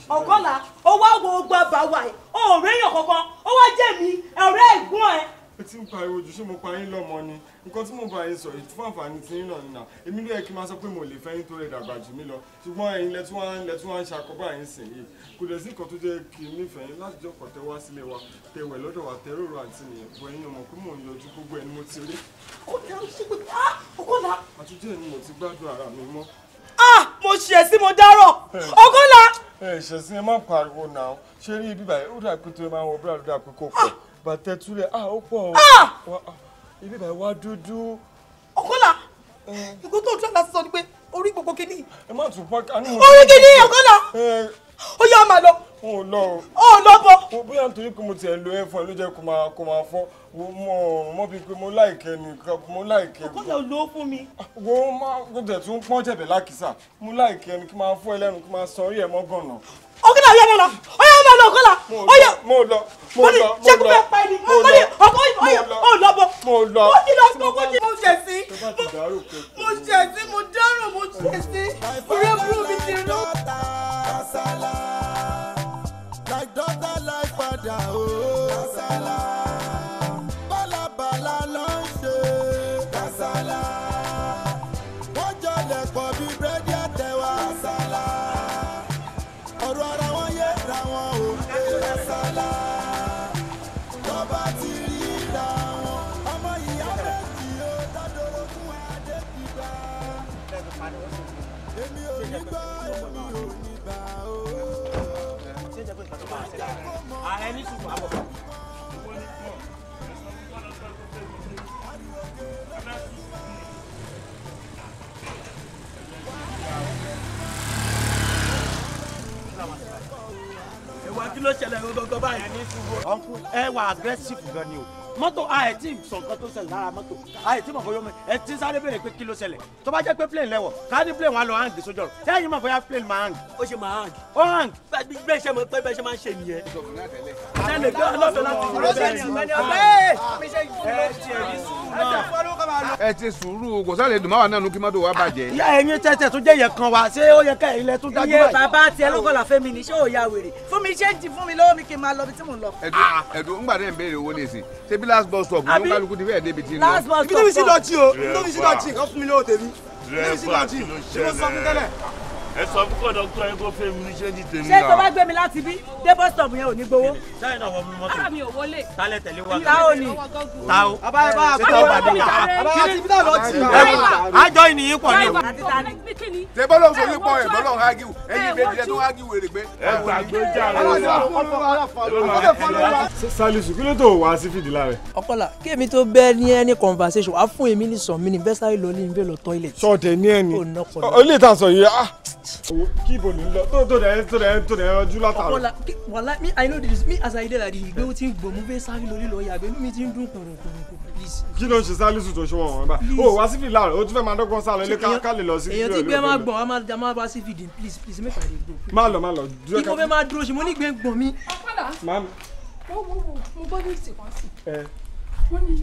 ọ̀kan ó wá wo gbọ́ bàwà ẹ̀ ọ̀rẹ́ kankan ó wá jẹ́ mi ọ̀rẹ́ ẹ̀gbọ́n ẹ̀ ẹ ti ń pariwo jù ṣé mo pa yín lọ́mọ ni nǹkan tí mo bá yín sọ ìtú fàǹfààní tí yín náà nà èmi ló yẹ kí n máa sọ pé mo lè fẹ́ yín tó lè dàgbà jù mí lọ ṣùgbọ́n ẹ̀yin lẹ́tún wá ń lẹ́tún wá ń ṣàkóbá yín sìn yìí kò lè sí nǹkan tó jẹ́ kí n nífẹ̀ẹ́ yín láti jọ́ kọ̀tẹ́ wá sílé wa tẹ̀wẹ̀ lọ́dọ̀ wa tẹ́rọ̀rù àti nìyẹn bọ ẹ̀yin ọmọ pé mò ń yọjú gbogbo ah mo ṣẹ̀ sí mo dárọ̀ ọgọ́lá bàtẹ túlẹ̀ ah ó pọ̀ o ah! Ah, ibi bàá wá dúdú. ọ̀kọ́là eh. ìgò tó ń tún àlàsí sọ ni pé orí gbogbo kìíní. ẹ má tún pọ́ kánú. orí kìíní ọ̀kọ́là eh. ó yá máa lọ. n ò lọ o. ó lọ bọ. mo bóyá nítorí pé mo tiẹ̀ lo ẹ̀fọn ló jẹ́ kó máa kó máa fọ́ mo mọ̀ mọ́ bíi pé mo láìkẹ́ nìkan mo láìkẹ́. ọ̀kọ́là ò lówó fún mi. Ah, wo máa gbọ́dọ̀ tún pọ́n jẹ̀bẹ̀ lákìsà mo láìkẹ́ ni kí máa fọ́ ẹlẹ́nu kí máa sọ orí ẹ̀ mọ́gànnà ọkọlá ọyọ mọ lọ ọyọ mọ lọ ọkọlá ọyọ mo lọ mo lọ mo lọ mo lọ ọkọ ọyọ mo lọ bọ mo lọ mo lọ mo ti mo ṣe sí mo ṣe sí mo dárò mo ṣe sí ọ̀rẹ́ burú mi ti rú. Like daughter, like father, oh. ààrẹ ní ṣùgbọ́n àbọ̀. ẹwà kí ló aggressive gan ni o mọ́tò a ẹ̀ tí sọ nǹkan tó ṣẹlẹ̀ lára mọ́tò a ẹ̀ tí mọ̀ bóyá ẹ̀ tí sáré béèrè pé kí ló ṣẹlẹ̀ tó bá jẹ́ pé plane lẹ́wọ̀ ká ní plane wa lọ hang sójú ọ̀rọ̀ sẹ́yìn mọ̀ bóyá plane máa hang. ó ṣe máa hang. ó hang. bẹ́ẹ̀ ṣe pé bẹ́ẹ̀ ṣe máa ń ṣe nìyẹn. sẹ́lẹ̀ bí ọlọ́dọ̀ láti ọ̀rọ̀ sẹ́yìn ẹ ti sùúrù kò sáré dùn máwa náà nu kí mọ́tò wa bàjẹ́. ìyá ẹyin tẹ́tẹ́ tó jẹ́ yẹn kan wa ṣé ó yẹ ká ilẹ̀ tún dájú báyìí. iye bàbá tiẹ̀ ló kọ́ ní ṣé ò ya wèrè fún mi ṣé ń ti fún mi lọ́wọ́ mi kí n máa lọ bí tí mò ń lọ. ẹ̀dùn ńgbà náà ń béèrè owó ní ìsìn ṣé bí last bus stop ló ń kálukú ti ibi tó sí lọ́ọ̀tì o ibi tó sí lọ́ọ̀tì kan fún mi lóòótọ́ mi ibi tó sí lọ́ọ̀tì ṣé mo sọ fún tẹ́lẹ̀ ẹ sọ fún kọ́ńdọ́tọ̀ ẹ kó fẹ́mi níṣẹ́ ní tèmi náà. ṣé tó bá gbé mi láti bí dé bus stop yẹn ò ní gbowó. sẹ́yìn náà wọ́n mú mọ́tò. àmì ò wọlé. tálẹ̀ tẹ̀lé wa. ta ò ní. ta ò. bàbá ẹ bá a bá wà ní ìta. bàbá àti bí táwọn ti rà. àjọ ìnìyí pọ̀ ni o. ṣé bọ́lọ̀ fún yín pọ̀ ẹ̀ bọ́lọ̀ ń hági ẹ̀yìn méjì ẹ̀ tó hági wèrè gbé. ẹ gbàgbé jà Salisu kí ló tó wá sí fìdílà rẹ. ọ̀pọ̀lá kí èmi tó bẹ́ẹ̀ ní ẹni conversation wàá fún èmi ní sàn mí ní bẹ́sàrì lọ́ọ́ ní bẹ́ẹ̀ lọ toilet. sọ̀tẹ̀ ní ẹni olè tà sọ yìí ah Oh, keep on ni lọ don't tó dẹ don't dẹ tó dẹ ọjú látàrọ. Well, me i know this me as i dey like this ìgbé ó ti ń salary, bẹ́ẹ̀ sáré lórí lọ yàgbé inú mi ti ń dún kùrùkùrù please. kí ló ń ṣe sálísù tó ṣọwọ́ wọn báyìí o wá sí fìlà rẹ o tún fẹ́ máa dọ́gbọ́n sálọ ilé ká lè lọ sí fìlà rẹ. èèyàn ti gbé máa gbọ̀n a máa máa wá sí fìdí please please make i dey go. má lọ má lọ. ikú fẹ́ máa dúró ṣe mo ní gbé gbọ̀n mi. ọ̀pọ̀la mo gbọ́ ní ìsìnkú ọ̀sìn. wọ́n ní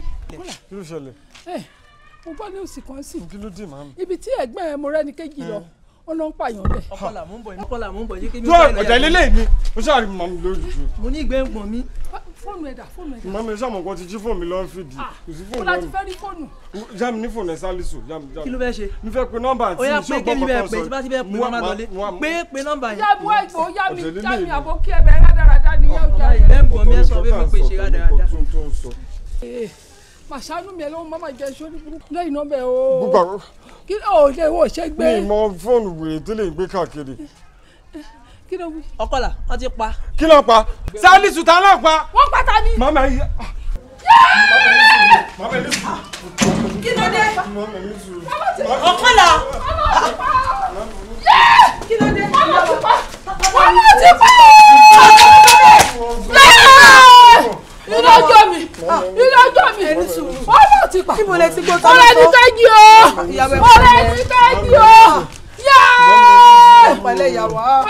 kí ló ṣẹlẹ̀. Eh, mo gbọ́ ní ìsìnkú ọ̀sìn. kí ló dé màámi. ibi tí ẹ̀gbọ́n ẹ̀ mo rẹ́ni kéjì lọ eh wọn lọ ń pààyàn bẹ. ọkọ là mú bọ yìí ọkọ là bọ yìí kí mi fẹ́ lẹ́yìn. ọjà ilé mi mo ṣáà mọ mi lójú. mo ní ìgbẹ́ ẹ̀gbọ́n mi. fóònù ẹ̀dà fóònù ẹ̀dà. màmí ẹ sàmọ̀ ti jí fóònù mi lọ́ọ́ fi di. kọ́lá ti fẹ́ rí fóònù. já ní fóònù ẹ sálísù. kí ló fẹ́ ṣe. mi fẹ́ pe nọ́mbà tí iṣẹ́ ògbọ́n kan sọ. pé pé eh, mi já mi àbò yẹn. ẹ̀gbọ́n mi mi pè kí ló ṣe ìwọ ṣe gbé. mi mọ fóònù wèrè tí lè gbé káàkiri. kí ló wí. ọkọlà wọn ti pa. kí ló pa Salisu ta ló pa. wọn pa ta ni. mama yi. kí ló dé. ọkọlà. kí ló dé. ọmọ ti pa. ọmọ ti pa nínú ọjọ́ mi nínú ọjọ́ mi ọ̀rọ̀ ti pa ọ̀rọ̀ ẹni tẹ́jì o ọ̀rọ̀ ẹni tẹ́jì o yẹ́ẹ̀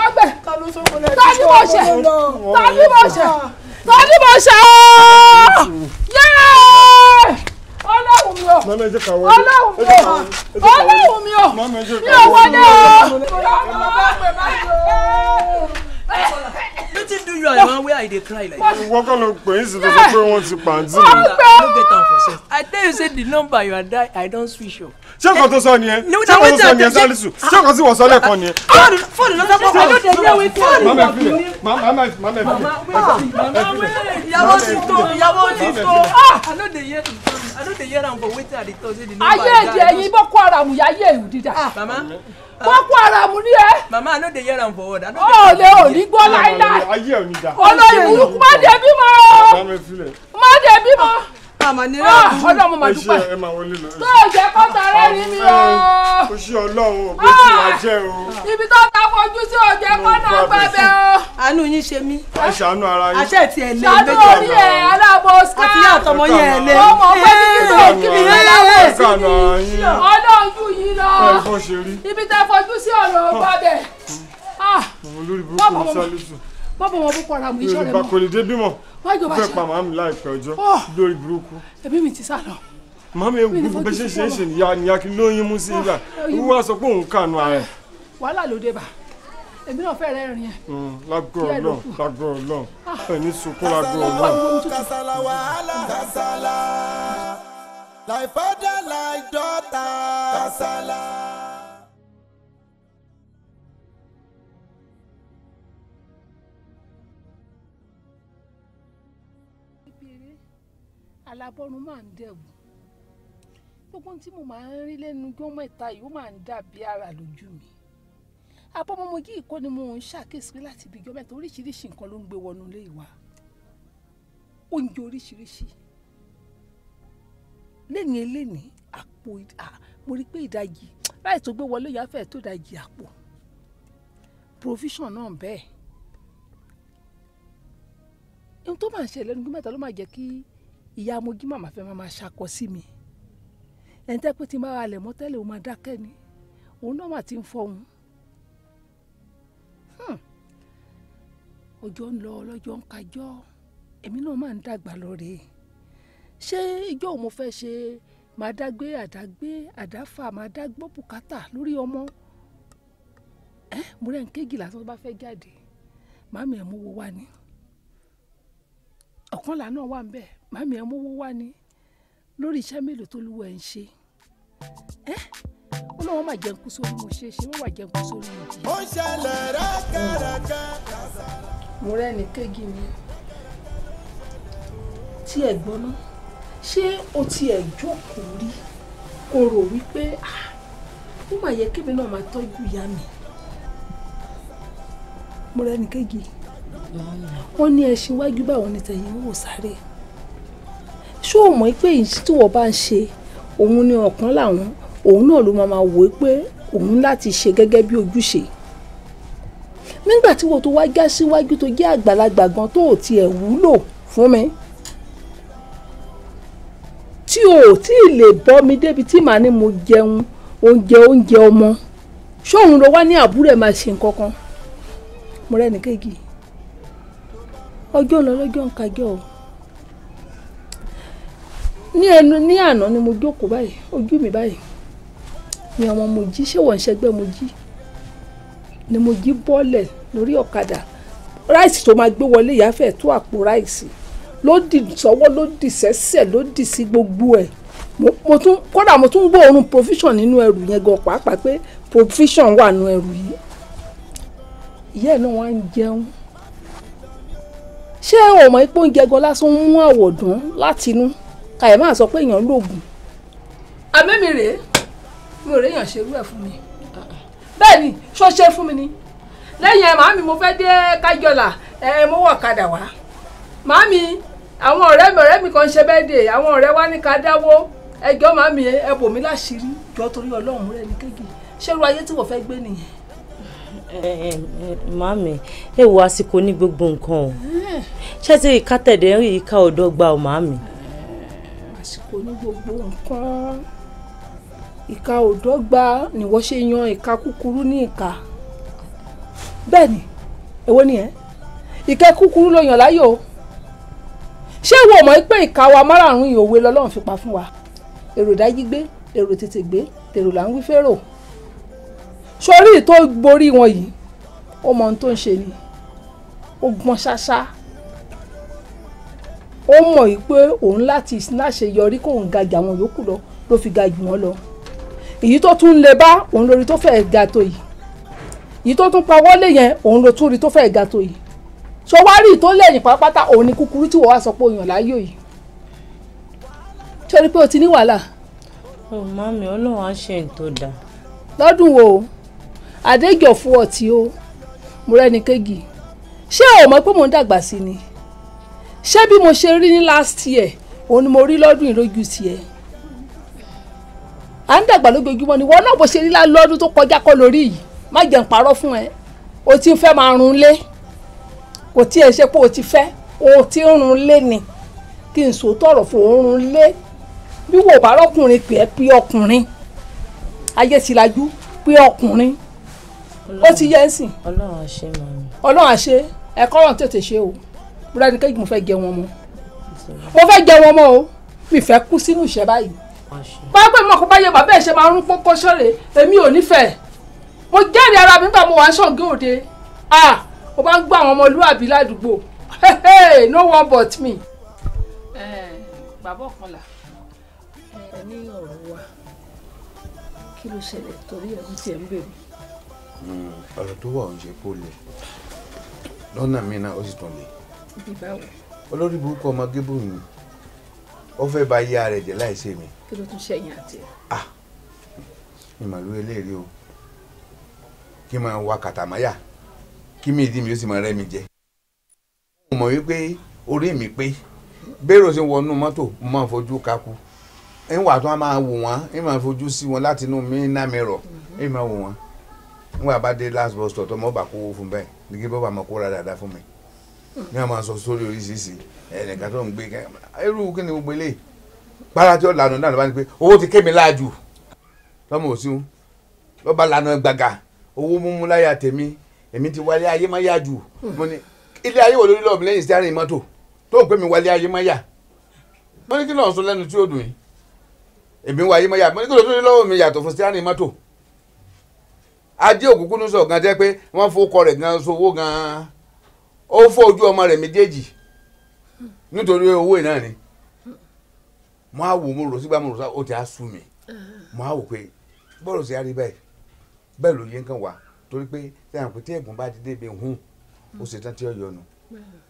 ọgbẹ́ tani mo ṣe tani mo ṣe tani mo ṣe o yẹ́ẹ̀ ọlọ́run mi o ọlọ́run mi o ọlọ́run mi o mi ò wọlé o wetin do you and your man wey i dey cry like that. wọ́n kọ́ ló pè é sí tó sọ pé wọ́n ti pàǹtí mi. no get am for sense i tell you say the number you and i i don switch o. ṣé nǹkan tó sọ nìyẹn ṣé nǹkan tó sọ nìyẹn sálísù ṣé nǹkan tí wọ́n sọ lẹ́ẹ̀kan nìyẹn. fóònù ló sọ fún mi ló dé ilé wí fóònù ló dé ilé wí. mama ẹ filẹ mama ẹ filẹ. ìyàwó ti tó ìyàwó ti tó ah i no dey hear you i no dey hear am for wetin i dey talk say the number die. ayé èdè ẹyin boko haram yà ayé èwù dídà. Ah, mama ah. boko haram ni ẹ. mama i no dey hear am for word. o lè o ní gbọ́ láíláí olóyè burúkú má dé bímọ o má dé bímọ àmà ah, ní ah, rẹ bí. ọlọ́run mo mà dúpẹ́. ẹ máa wọlé lọ. tó o jẹ́ kó tọrẹ rí mi o. o ah, ṣe ọlọ́run òbí tí wàá jẹ́ o. ibi tó ta fojú sí o jẹ́ kó náà gbẹ̀bẹ̀ o. àánú yín ṣe mí. ẹ ṣàánú ara yín. àṣẹ ti ẹ̀ lé méjì. ṣàánú orí ẹ̀ aláàbò scar. àti ìyá àtọmọ yẹn ẹ̀ lé. ọmọ ọgbẹ́ mi kì í sọ kí mi lọ́wọ́ sí mi. ọlọ́run jù yín lọ. ibi tẹ fojú sí ọ̀rọ̀ gbọ́dẹ̀. olórí burúkú sálísù bọ́bọ̀ wọn boko haram iṣẹ́ rẹ̀ mọ́. kò lè dé bímọ ó fẹ́ pa màmí láìpẹ́ ọjọ́ lórí burúkú. ẹbí mi ti sá lọ. màmí ewu gbogbo bẹ́ẹ̀ ṣe ń ṣe é ṣe níyà níyà kí ló yín mú sí ibà ah, wíwú wá sọ pé òun kànú ara ẹ̀. wàhálà ló dé bá èmi náà fẹ́ rẹ́rìn ẹ̀. Mm, lágbóró Ọlọ́run lágbóró Ọlọ́run ah. ẹni sunkún lágbóró Ọlọ́run. kasala wàhálà kasala. alábọ́run máa ń dẹ̀wù gbogbo tí mo máa ń rí lẹ́nu gbọ́n mẹ́ta yìí ó máa ń dàbí ara lójú mi abọ́mọmọ yìí kọ́ ni mo ń ṣàkíyèsí láti ibi gbọ́n mẹ́ta oríṣiríṣi nǹkan ló ń gbé wọnú ilé ìwà oúnjẹ oríṣiríṣi lẹ́nìí lẹ́nìí àpò mo rí pé ìdajì láì tó gbé wọlé ìyáfẹ́ tó dajì àpò provision náà bẹ́ẹ̀ ohun tó máa ń ṣẹlẹ̀ lẹ́nu gbọ́n mẹ́ta ló máa jẹ́ kí ìyá mojí màmá fẹ́ máa ṣakọ sí mi ẹni tẹ́ pé tí n bá halẹ̀ mọ́ tẹ́lẹ̀ òun máa dákẹ́ ni òun náà mà ti ń fọhùn ọjọ́ hmm. ń lọ ọlọ́jọ́ ń kájọ́ èmi náà máa ń dàgbà lọ rèé ṣé ìjọ́ òun mo fẹ́ ṣe máa dágbé àdágbé àdáfà máa dágbọ́ bùkátà lórí ọmọ ẹ mo rẹ́ ń kéjì tó bá fẹ́ jáde màmí ẹ̀ mú wo wá ni ọ̀kan làánà wà ń bẹ́ẹ̀ Mami ẹ mówó wá ni lórí iṣẹ́ mélòó tó lúwọ ẹ ń ṣe ẹ ó lọ́wọ́ máa jẹun kú sórí mo ṣe ṣe wọ́n wà jẹun kú sórí mi. ó ṣẹlẹ̀ rákàràkà. mo rẹ́ni kéegi mi tí ẹ gbọ́n náà ṣé o tiẹ̀ jókòó rí kó rò wípé ó mà yẹ kémi náà máa tọ́jú ìyá mi mo rẹ́ni kéegi wọ́n ní ẹ ṣíwájú báwọn ní tẹ̀yìn wò sáré ṣó o mọ̀ pé èyí tí wọ́n bá ń ṣe òun ni ọ̀kan làwọn òun náà ló máa wò ó pé òun láti ṣe gẹ́gẹ́ bí ojúṣe nígbà tí wọ́n tó wá já síwájú tó jẹ́ àgbàlagbà gan tó ò tiẹ̀ wúlò fún mi tí o ò tí ì lè bọ́ mi débi tí màá ní mo jẹun oúnjẹ oúnjẹ ọmọ ṣóun ló wá ní àbúrò ẹ̀ máa ṣe nǹkan kan mo rẹ́ ní kéèkì ọjọ́ lọ lọ́jọ́ ń kájọ́ o ní ẹnu ní àná ni mo jókòó báyìí ojú mi báyìí ni ọmọ mo jí ṣé wọ́n ń ṣẹgbẹ́ mo jí ni mo jí bọ́ọ̀lẹ̀ lórí ọ̀kadà ráìsì tó máa gbé wọlé ìyáfẹ́ tó àpò ráìsì ló dì sọ́wọ́ ló dì sẹ́sẹ̀ ló dì sí gbogbo ẹ̀ mo tún kódà mo tún gbóòórùn provision nínú ẹrù yẹn gan pàápàá pé provision wà nínú ẹrù yìí ìyá ẹ̀ náà wá ń jẹun ṣé o mọ̀ pé oúnjẹ gan lásán ń mú àwọ̀dùn látinú kàyẹ́ máa sọ pé èèyàn lóògùn. àbẹ́mi rèé mi ò réèyàn ṣerú ẹ̀ fún mi bẹ́ẹ̀ ni ṣó ṣe fún mi ni lẹ́yìn ẹ̀ màámi mo fẹ́ dé kájọlà ẹ̀ mo wọ̀ kadà wá màámi àwọn ọ̀rẹ́ mi ọ̀rẹ́ mi kan ṣe bẹ́ẹ̀ dé àwọn ọ̀rẹ́ wa ní ká dáwó ẹjọ́ màámi ẹ bò mí láṣìírí jọ torí ọlọ́run rẹ ní kéèkì ṣerú ayé tí wọ́n fẹ́ gbé nìyẹn. màámi ẹ wo àsìkò ní gbogbo nǹkan o ṣé ti ìka tẹ̀dẹ̀ ń ọ̀dọ́ gba ọ̀ màámi. Mm àsìkò ní gbogbo nǹkan ìka ò dọ́gba ni wọ́n ṣe yan ìka kúkúrú ní ìka bẹ́ẹ̀ ni èwo ni ẹ́ ìka kúkúrú ló yàn láyò ṣé wo mọ̀ pé ìka wa márààrún yìí òwe lọ́lọ́run fi pa fún wa èrò dájí gbé èrò tètè gbé tèrò là ń wí fẹ́rò sórí tó borí wọn yìí ó mọ ohun tó ń ṣe ni ó gbọ́n ṣáṣá ó mọ̀ yìí pé òun láti láṣeyọrí kóun ga jù àwọn yòókù lọ ló fi ga jù wọ́n lọ èyí tó tún lè bá òun lórí tó fẹ́ ga tó yìí èyí tó tún pa wọ́lé yẹn òun ló tún rí tó fẹ́ ga tó yìí ṣọ wá rí tó lẹ́yìn pátápátá òun ni kúkúrú tí wọ́n wá sọ pé òyàn láyò yìí ṣé rí pé o ti ní wàhálà. ọ̀ oh, màmí ọlọ́run á ṣe ní tó dáa. lọ́dún wo àdéjọ fún ọtí o mo rẹ́ni kéegi ṣé o mọ̀ pé mò ń dàgbà sí ni ṣé bí mo ṣe rí ní last year òun ni mo rí lọ́dún ìrójú tiẹ̀ à ń dàgbà lójoojúmọ́ ni wọn náà bó ṣe rí lọ́dún tó kọjá kọ́ lórí yìí má jẹun parọ́ fún ẹ o ti fẹ́ máa run lé kò tí ẹ ṣe pé o ti fẹ́ o ti run lé ni kí n sọ tọrọ fún òórùn lé bí wò bá rọkùnrin pè é pé ọkùnrin ayé ti lajú pé ọkùnrin ó ti yẹ ń sìn ọlọ́run àṣe ẹ̀kọ́ ọ̀rọ̀ tètè ṣe o rẹ ni kéèkì mo fẹ́ jẹ wọn mọ́ mo fẹ́ jẹ wọn mọ́ o mi fẹ́ kú sínú ìṣẹ́ báyìí báyìí pé mo kò bá bàbá ẹ̀ ṣe máa rún pọ́npọ́n ṣọ́ọ̀rẹ́ èmi ò nífẹ̀ẹ́ mo jẹ́rìí ara mi nígbà mo wà ń ṣọ̀gẹ́ òde ah mo bá ń gbọ́ àwọn ọmọlúwàbí ládùúgbò no one but me. bàbá ọ̀kanlà ẹ ní ọ̀rọ̀ wa kí ló ṣẹlẹ̀ torí ẹ̀rù tiẹ̀ ń bèrè. Hmm, ọ̀rọ̀ tó wà ò ṣe kó lè lọ́nà mi náà ó sì tún lè bí báwo. olórí burúkú ọmọ gébùrù mi ó fẹ́ bà yé ara jẹ́ láìsí mi. kí ló tún ṣẹ̀yìn àti ẹ̀. ah ìmọ̀lú eléèrè o kí n máa wa kàtàmáyà kí mi ìdí mi ó sì máa rẹ́ mi jẹ. mo mọ̀ wípé orí mi pé bẹ́ẹ̀rù ṣe wọnú mọ́tò mo máa fojú kakú ń wà tó máa wò wọ́n ń máa fojú sí wọn láti inú mi ná mi rọ̀ ń máa wò wọ́n ń wà bá dé last bus stop mọ́ bá kówó fún bẹ́ẹ̀ nígbà bá máa kó ra dáadáa fún mi ní a máa sọ sórí oríṣiríṣi ẹnìkan tó ń gbé irú kí ni gbogbo eléyìí gbára tí ó lànà náà ló bá ní pé owó ti kémi láàjù lọ́mọ òsín ló bá lànà gbàgà owó múmú láyà tèmi èmi ti wálé ayé má yà jù mo ní ilé ayé wò lórí lọ́ọ̀bù lẹ́yìn sí àárín mọ́tò tó ń pè mí wálé ayé má yà mo ní kí lọ́ọ̀ sọ lẹ́nu tí ó dùn yìí èmi wá ayé má yà mo ní kí lọ́ọ̀ sọ lọ́wọ́ mi yàtọ̀ fún sí àárín mọ́tò ajé òkúkú ní sọ̀ gan jẹ́ pé wọ́n fowó kọ rẹ̀ gan sowó gan-an ó fọ́ ojú ọmọ rẹ̀ méjèèjì nítorí owó ẹ̀ náà ni mo á wò mo rò sígbà mo rò sá ó ti á sú mi mo á wò pé bọ́ọ̀lù sí àrí báyìí bẹ́ẹ̀ ló yẹ nǹkan wà torí pé sẹ́yìn pé tí ẹ̀gbọ́n bá ti débi hùn ó ṣe tán tí ó yọnu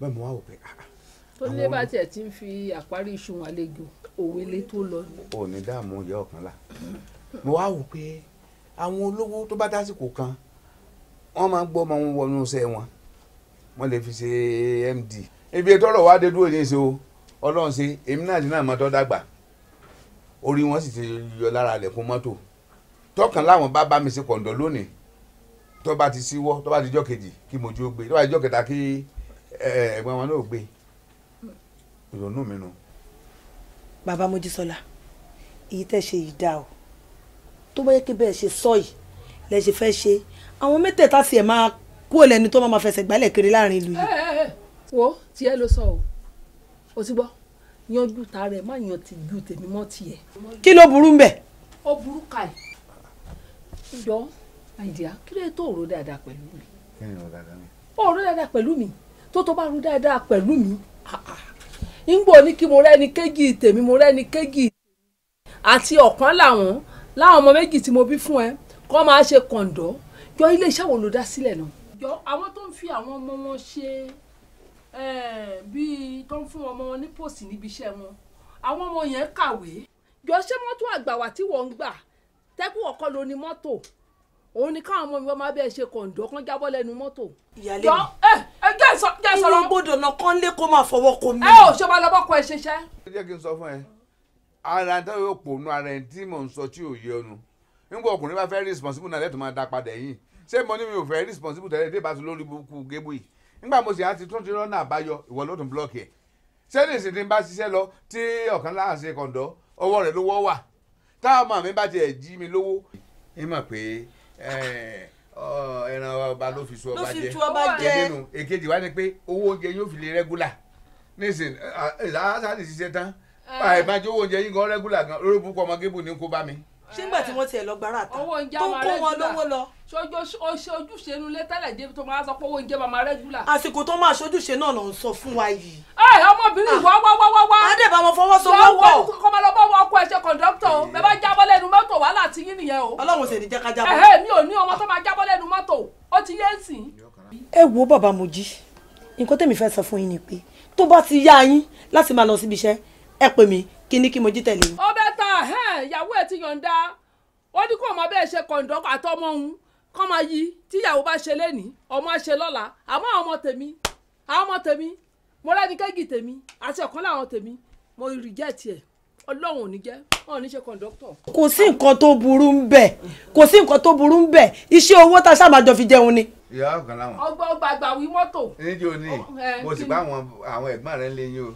bẹ́ẹ̀ mo á wò pé ah, ah, tó lé bá tiẹ̀ ti ń fi àparí iṣu wọn àlejò òwe lé tó lọ. ò ní dààmú ìyá ọ̀kan là mo wá wò pé àwọn olówó tó bá dásìkò kan wọ́n máa ń gbọ́ ọmọ wọn wọnú iṣẹ́ wọn wọ́n lè fi ṣe md ibi tọ́rọ̀ wá dé dúró ní ìṣe o ọlọ́run ṣe èmi náà ti náà mọ tọ́ dàgbà orí wọn sì ti yọ lára àlẹ̀kùn mọ́tò tọkàn láwọn bá bá mi ṣe kọ̀ǹdọ̀ lónìí tó bá ti síwọ́ tó bá ti jọ́ kejì kí mojú ó gbé tó bá ti jọ́ kẹta kí ẹ̀gbọ́n wọn náà gbé ìrònú mi nu. bàbá Mojísọ́lá èyí tẹ́ ṣe yìí dáa o tó bá yẹ kí bẹ́ẹ̀ ṣe sọ yìí lẹ́ ṣe fẹ́ ṣe àwọn mẹ́tẹ̀ẹ̀ta sì ẹ̀ máa kúrò lẹ́ni tó máa fẹsẹ̀ gbálẹ̀ kiri láàrin ìlú yìí. Eh, eh, eh. wo tiẹ̀ lo sọ o o ti gbọ́ yanjú ta rẹ̀ má yan ti ju tèmi mọ́ tiẹ̀. kí ló burú mbẹ̀. ó burú ka ẹ̀ jọ àìdíyà kí ló tó òró dáadáa pẹ̀lú mi. òró dáadáa pẹ̀lú mi tó tó bá rú dáadáa pẹ̀lú mi ngbò ah, ah. ní kí mo rẹ́ni kéjì tèmi mo rẹ́ni kéjì àti ọ̀kan làwọn láwọn ọmọ méjì tí mo bí fún ẹ kọ́ máa ṣe kọ̀ǹdọ́ jọ iléeṣẹ́ wo ló dá sílẹ̀ náà jọ àwọn tó ń fi àwọn ọmọ wọn ṣe bíi tó ń fún ọmọ wọn ní pòsì níbi iṣẹ́ wọn àwọn ọmọ yẹn kàwé jọ ṣé mọ́tò àgbàwà tí wọ́n ń gbà tẹ́kù ọ̀kọ́ ló ní mọ́tò òun ni káwọn ọmọ mi wọn máa bẹ́ẹ̀ ṣe kọ̀ǹdọ́ kan jábọ́ lẹ́nu mọ́tò. ìyáálé mi ẹ ẹ jẹ́ sọ jẹ́ sọ lọ. inú gbọ́dọ̀ náà kán lé kó máa fọwọ́ kó mi. ẹ ò ṣe máa lọ́bọ̀ kọ ẹ ṣeṣẹ́. ẹ jẹ́ kí n sọ fún ẹ ara ẹ̀ táwọn yóò pòónú ara ẹ̀ tí mò ń sọ tí ò yé ọnu nígbà ọkùnrin bá fẹ́ responsible náà lẹ́tọ̀ọ́ máa dá padà yìí ṣé mo ní mi ò fẹ́ responsible tẹ́lẹ̀ dé ìbáṣe lórí buku gébù yìí nígbà mo sì á ti tún ti rọ́nà àbáyọ ìwọ ló tún blọ́ọ̀kì ẹ̀ ṣé ní ìsìn tí n bá ṣiṣẹ́ lọ tí ọ̀kan láàṣẹ kọ̀ǹdọ́ ọwọ́ rẹ̀ lówó wà táwọn ọmọ mi bá tiẹ̀ jí mi lówó. ẹ mọ̀ pé ẹran ọba ló fi tu ọba jẹ ló fi tu ọba jẹ nínú èkejì wá ni pé owó oúnjẹ yóò fi lè rẹ́gúlà nísìn ìlànà sáà ti ṣiṣẹ́ tán báyìí máa jẹ́ owó oúnjẹ yín gan rẹ́gúlà gan lórí púpọ̀ ọmọ gébù ní kó bá mi ṣé ńgbà tí wọ́n tiẹ̀ lọ gbàrà ta tó ń kó wọn lówó lọ. ojúṣe inú ilé débi tó máa sọ pé owó ìjẹba máa rẹ́gúlà. àsìkò tó máa ṣojúṣe náà ló sọ fún wa yìí. ẹ ọmọbìnrin ah. wá wá wá wá wá. adébá mo fọwọ́ sọ wọ́pọ̀. kọ́ máa lọ bọ́ wọn ọkọ ẹ̀ṣẹ̀ kọ̀ǹdọ́tọ̀ o bẹ́ẹ̀ bá jábọ́ lẹ́nu mọ́tò wàhálà ti yín nìyẹn o. ọlọ́run sì ní jẹ́ ká jábọ́. ẹ kí ni kí mo jí tẹ̀lé yín. ó bẹ́ẹ̀ ta ìyàwó ẹ̀ ti yọ̀ǹda ó ní kó máa bẹ́ẹ̀ ṣe kọ̀ǹdọ́ àtọmọ òun kọ́ máa yí tíyàwó bá ṣe lénìí ọmọ ṣe lọ́la àmọ́ àwọn ọmọ tèmi àwọn ọmọ tèmi mo rẹ́ni kẹ́gì tèmi àti ọ̀kan láwọn tèmi mo reject ẹ̀ ọlọ́run ò ní jẹ́ wọn ò ní ṣe kọ̀ǹdọ́tọ̀. kò sí nǹkan tó burú ń bẹ̀ kò sí nǹkan tó burú ń bẹ̀ iṣẹ́ owó tá a ṣáà fi jẹun ni ìyá ọ̀kan láwọn. ọgbà ọgbà àgbà wí mọ́tò. níjẹ́ òní mo sì bá àwọn àwọn ẹ̀gbọ́n rẹ̀ ń lé yín o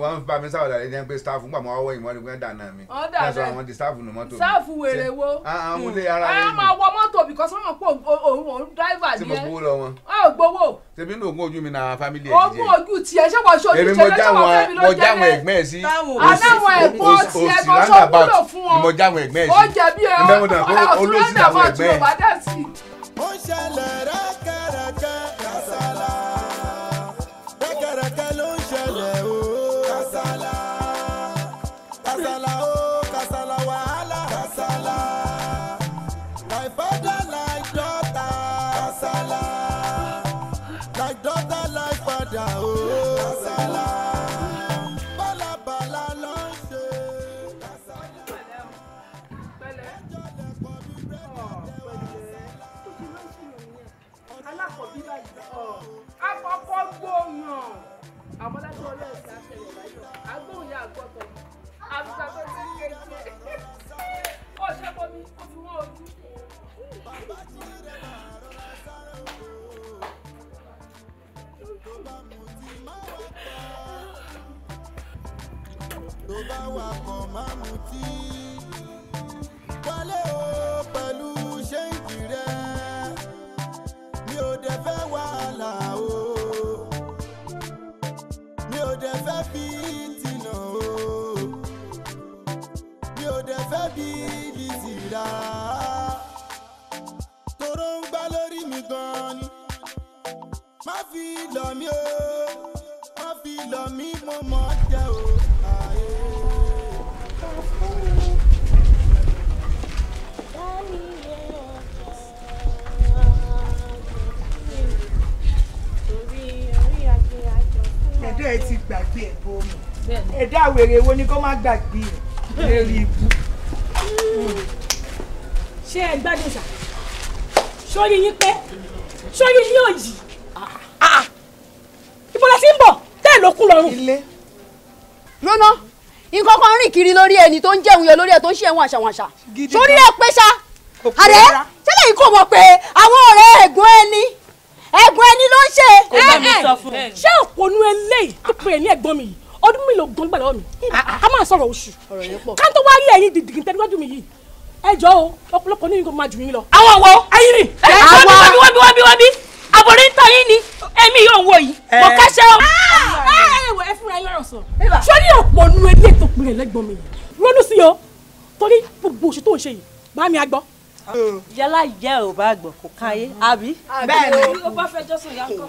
wọ́n ń bá mi sáwọ́dà rẹ̀ ní pé staff ń gbà mọ́ ọwọ́ ìmọ̀ rẹ̀ dáná mi. ọ̀dà rẹ̀ ṣe àwọn di staff nu mọ́tò mi. staff wèrè wo. àwọn ah, ah, hmm. ọmọdé ara rẹ̀ ah, ni. ẹ máa wọ mọ́tò because wọ́n mọ̀ pé òun òun dáìvà ni ẹ. tí mo gbowó lọ wọn. ọ gbowó. tèmi ní ogún ojú mi na family ẹ jẹ. ogún ojú tiẹ̀ ṣé wọ́n ṣojú tiẹ̀ ṣé wọ́n fẹ́ mi ló jẹ́ ní. àdáwọn ẹ̀gbọ́n tiẹ̀ kan ṣọ́ wúlò fún ọ. ó jẹ̀bi ẹ̀ ọ́ ọ̀ o shalala karaka. gan-an àwọn lájọ ọlọ́run ti aṣẹ́yọ̀ láyọ̀ agbóhùnyá àgbọ̀tọ̀ àbúta tó ti kéde ó ṣe bomi ó fi wọ́n ojú. tó bá wà kọ̀ má mutí wálé o pẹ̀lú ṣéǹkì rẹ̀ mi ò dẹ̀ fẹ́ wàhálà o ò dẹ̀ fẹ́ bí tìǹà o mi ò dẹ̀ fẹ́ bí lizzy rárá toro ń gbá lórí mi gan ni má fi lọ mí o má fi lọ mí mo mọ̀ ọ́ o. Ayé. Daddy. bọ́dọ̀ ẹ ti gbàgbé ẹ̀ bó mi ẹ̀dá àwèrè wo ni kó má gbàgbé ẹ̀ lérí ibú. ṣé ẹ gbádùn sà sórí yín pé sórí yín ò yí ìbọ̀lá ti ń bọ̀ tẹ́ ẹ̀ ló kú lọ́rùn. ilé lónà nǹkan kan rìn kiri lórí ẹni tó ń jẹun yẹn lórí ẹ tó ń ṣe ẹ̀wọ̀n àṣàwọ̀nṣà sórí ẹ pé ṣá àrẹ ṣẹlẹ̀ yìí kò mọ̀ pé àwọn ọ̀rẹ́ ẹ̀gbọ́n ẹni ẹ̀gbọ́n ẹni ló ń ṣe. kò bá mi eh, eh. sọ fún un. ṣé òpònú eléyìí tó pe ẹni ẹ̀gbọ́n mi yìí ọdún mélòó gan gbà lọ́wọ́ mi ká ah, ah. máa sọ̀rọ̀ oṣù ká tó wá rí ẹ̀yin dìdìgì tẹ́lifájú mi yìí ẹ jọ o ọ̀pọ̀lọpọ̀ ní nǹkan máa jù yín lọ. àwọn wo ẹ̀yin ni ẹ̀yin wọ́n bí wọ́n bí wọ́n bí wọ́n bí àbòrí ń tan yín ni èmi yóò wò yìí eh. mo kẹ́sẹ́ o. Ah, ẹ fúnra yín lọ́rọ̀ sọ sórí òpònú eléyìí tó pinnu ẹ̀lẹ́gbọ̀n mi yìí ronú sí o torí gbogbo oṣù tó ń ṣe yìí yálà yẹ ò bá gbọ́ kó káyé àbí. bẹ́ẹ̀ ni ó bá fẹjọ́ sùn yá kọ́.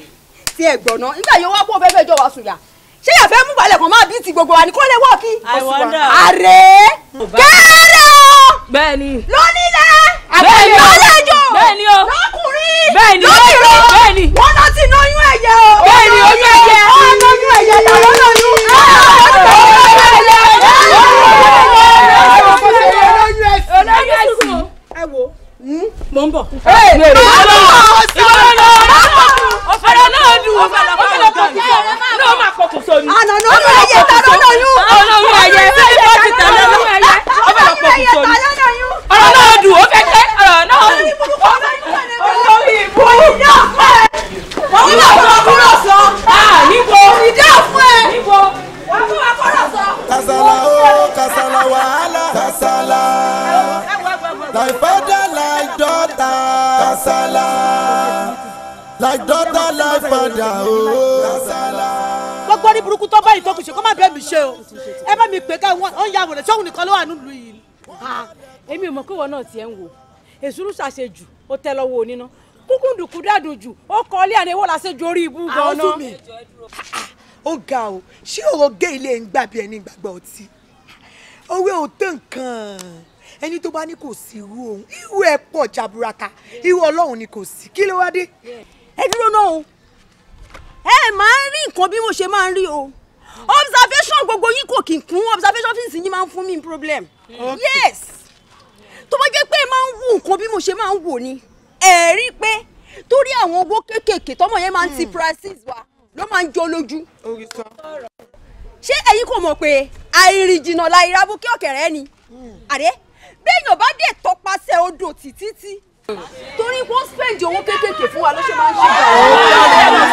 tí ẹ gbọ́ náà nígbà yẹn wá bó fẹ́ fẹjọ́ wa sùn yá ṣé yà fẹ́ mú balẹ̀ kan máa bí ti gbogbo wa ní kó lè wọ́ọ̀kì. àrè kẹ́rẹ́ o. bẹ́ẹ̀ni. lónílẹ̀. bẹ́ẹ̀ni o lọ́lẹ́jọ́. bẹ́ẹ̀ni o lọ́kùnrin. bẹ́ẹ̀ni lọ́kùnrin. bẹ́ẹ̀ni. wọ́n lọ sí inú oyún ẹ̀yẹ o. bẹ́ẹ̀ni oyún ẹ̀yẹ. ó lóyún ẹ̀yẹ yàrá lóyún. mo ń bọ̀. ọ̀rọ̀ náà dùn ó fẹ́ lọ kọ́ ọ̀gá mi náà máa pọ̀ kò sọ ni. àná náà ló yẹ ta lọ́nà yún. ọlọ́run ẹ̀yẹ ó ti tà lọ́nà ẹ̀yẹ ó fẹ́ lọ pọ̀ kò sọ ni. ọ̀rọ̀ náà dùn ó fẹ́ tẹ́ ọ̀rọ̀ náà dùn. olórí ìbò ìdá fún ẹ. wọ́n mú àwọn ọkùnrin sọ. níbo ìdá fún ẹ. níbo wọ́n mú àwọn ọkùnrin sọ. kasala o oh, kasala wàhálà kasala. Like father, like daughter, kasala. Like daughter, like father, oh, kasala. Gbogbo orí burúkú tó báyìí tó kù ṣe kó má bẹ́ẹ̀ mi ṣe o. Ẹ bá mi pè ká ó ń ya àwòrán ṣọ́hun nìkan ló wà nílùú yìí. Èmi ò mọ̀ pé ìwọ náà tiẹ̀ ń wò. Èsúrú ṣàṣejù, ó tẹ lọ́wọ́ oníná. Kúkúndùkú dàdùn jù, ó kọ́ ilé àná ìwọ́ làṣejù orí ibú gan-an. Àwọn mi ó ga o, ṣé òrò gé ilé ń gbàbí ẹni gbàgbọ́ ọtí? Owó ò tó nǹkan ẹni tó bá ní kò sí irú òun irú ẹ̀ pọ̀ jaburata irú ọlọ́run ni kò sí kí ló wá dé. ẹ dúró náà o ẹ máa ń rí nǹkan bí mo ṣe máa ń rí o observation gbogbo yín kò kì í kún observation fíìsì yín máa ń fún mi problem yes tó bá jẹ́ pé ẹ máa ń wo nǹkan bí mo ṣe máa ń wò ni ẹ rí i pé torí àwọn owó kéékèèké tọmọ yẹn máa ń ti hmm. prices wa ló máa ń jọ lójú ṣé ẹ̀yin kò mọ̀ pé àìrìn jìnnà la ìrabù kí ọ̀kẹ́rẹ́ ni hmm. àdé béèyàn bá dé tọpasẹ̀ odò títí torí wọ́n spend owó kéékèèké fún wa ló ṣe máa ń ṣe ìgbà wọn.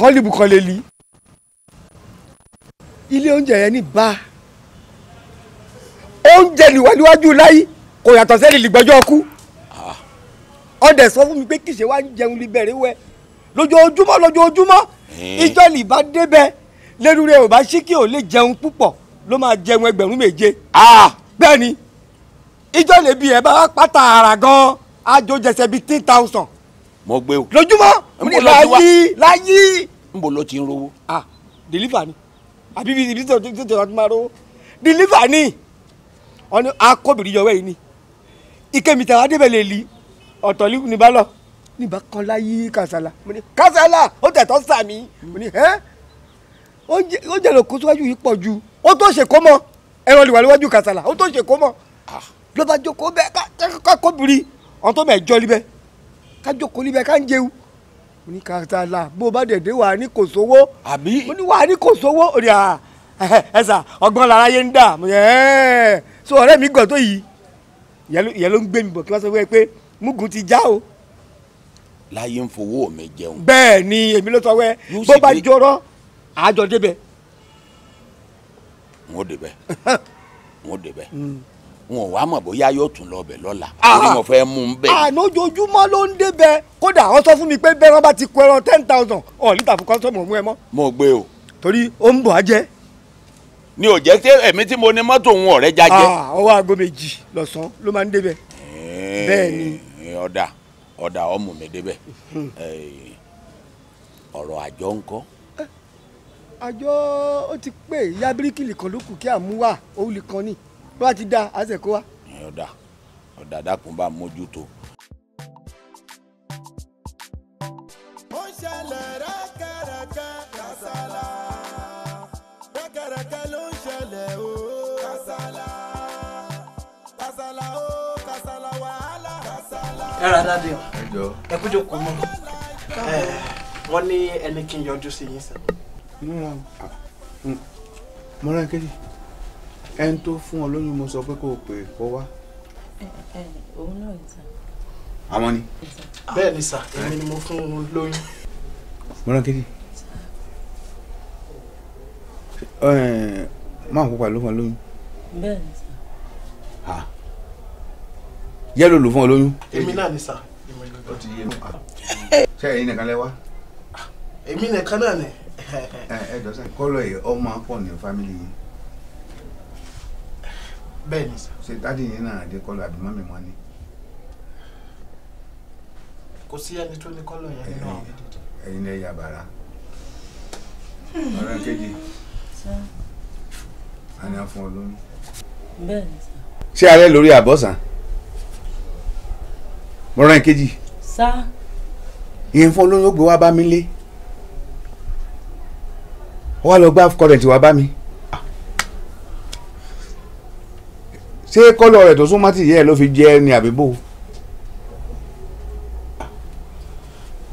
kọ́líbù kan lè li ilé oúnjẹ yẹn ní bá oúnjẹ níwájú láyé kò yàtọ̀ sẹ́ni lìgbọ́jọ́ kú ọdẹ sọ fún mi pé kìsẹ́ wá ń jẹun libẹ̀rẹ̀ wẹ lójoojúmọ́ lójoojúmọ́ ìjọ lè bá débẹ̀ lẹ́nu rẹ̀ ò bá ṣí kí ò lè jẹun púpọ̀ ló máa jẹun ẹgbẹ̀rún méje ah! bẹ́ẹ̀ ni ìjọ lè bí ẹ bá pátá ara gan-an àjò jẹsẹ̀ bíi ten thousand mo gbé o. lójúmọ́ mo ní láyé láyé. n bò ló ti ń rówó. ah deliver ni àbí ibi ibi tó tó tó máa rówó deliver ni ọ̀nà akóbìnrin yọwọ́ yìí ni ìkẹ́mi tàwa débẹ̀ lè li ọ̀tọ̀ ní bá lọ ní bá kan láyé kàṣàlà mo ní kàṣàlà ó tẹ̀tọ́ sàmì mo ní ẹ́ ó jẹ́ lóko síwájú yìí pọ̀ ju ó tó ṣe kó mọ́ ẹ̀rọ ìwà níwájú kàṣàlà ó tó ṣe kó mọ́ ah. ló bá jókòó bẹ́ẹ̀ ká kóbìnrin ọ̀n mẹ́ẹ̀ jọ́ níbẹ̀ kájọkọ níbẹ̀ ká ń jẹun mo ní kàtà là bó bá dẹ̀dẹ̀ wà ní kò sówó àbí mo ní wà ní kò sówó òde à ẹ̀sà ọgbọ́n lára yé ń dà mo yẹ ẹ́ so ọ̀rẹ́ mi gàn tó yìí ìyẹn ló ń gbé mi bọ̀ kí wọ́n sọ fún ẹ pé mugun ti já o. láyé ń fowó mi jẹun. bẹ́ẹ̀ ni èmi ló sọ wẹ́ bó bá jọrọ àjọ débẹ̀. n ó débẹ̀ n ó débẹ̀. Mm n ò wá mọ̀ bóyá yóò tún lọ bẹ̀ lọ́la ah, orí mo ah. fẹ́ mú un bẹ̀. àná ah, ojoojúmọ́ ló ń débẹ̀ kódà wọ́n sọ fún mi pé bẹ́ẹ̀ wọ́n bá ti kó ẹran ten thousand ọ̀ níta fún kọ́sọ́mù mú ẹ mọ́. mo gbé o. torí ó ń bọ̀ á jẹ́. ni ò jẹ́ pé èmi tí mo ní mọ́tò òun ọ̀rẹ́ já jẹ́. ọwọ́ aago méjì lọ́sàn-án ló máa ń débẹ̀. Eh, bẹ́ẹ̀ ni. Eh, ọ̀dà ọ̀dà ọmọ mi débẹ̀ hmm. eh, ọ̀rọ̀ àjọ ńkọ́ àjọ ó ti pé ìyá bíríkìlì kan ló kù kí àmúwà òun nìkan ni tó bá ti da àṣẹ kó wa. ọ̀dà ọ̀dà dákun bá mójútó. ó ṣẹlẹ̀ rákàràkà kàṣàlà rákàràkà ló ń ṣẹlẹ̀ o kàṣàlà kàṣàlà o kàṣàlà wàhálà kàṣàlà. ẹ ra o ẹ kú jókòó mọ́ wọ́n ní ẹni kí n yọjú sí yín sẹ́yìn. mo ràn kéde ẹni tó fún ọ lóyún mo sọ pé kò pè kó wá. òun náà ni sà. àwọn ni. bẹ́ẹ̀ ni sà èmi ni mo fún un lóyún. mo rán kéde. máa kópa ló fún ọ lóyún. bẹ́ẹ̀ ni sà. yẹ́lò ló fún ọ lóyún. èmi náà ni sà. ó ti yé mi. ṣé ẹ̀yin nìkan lẹ wá. èmi nìkan náà ni. ẹ ẹ jọ sẹ kọlọ yìí ọmọ pọ ní fámìlì yìí bẹ́ẹ̀ ni sà. ṣe dádì yín náà Adékọ́lá àbí mọ́mì wọn ni. kò sí ẹni tó ní kọ́lọ̀ yẹn nínú àwọn méjèèjì. ẹ̀yin lẹ ya bàrà bàrà kejì a ní a fún ọ lóyún. bẹ́ẹ̀ ni sà. ṣé alẹ́ lórí àbọ̀sán mọ̀ràn kejì. sá. ìyẹn fún olóyún ó gbé wá bá mi lé wọ́n lọ gbá kọ́rẹ̀ǹtì wá bá mi. ṣé kọ́lọ̀ rẹ̀ tó súnmọ́ tì yẹ́ ẹ̀ ló fi jẹ́ ẹni àbíbò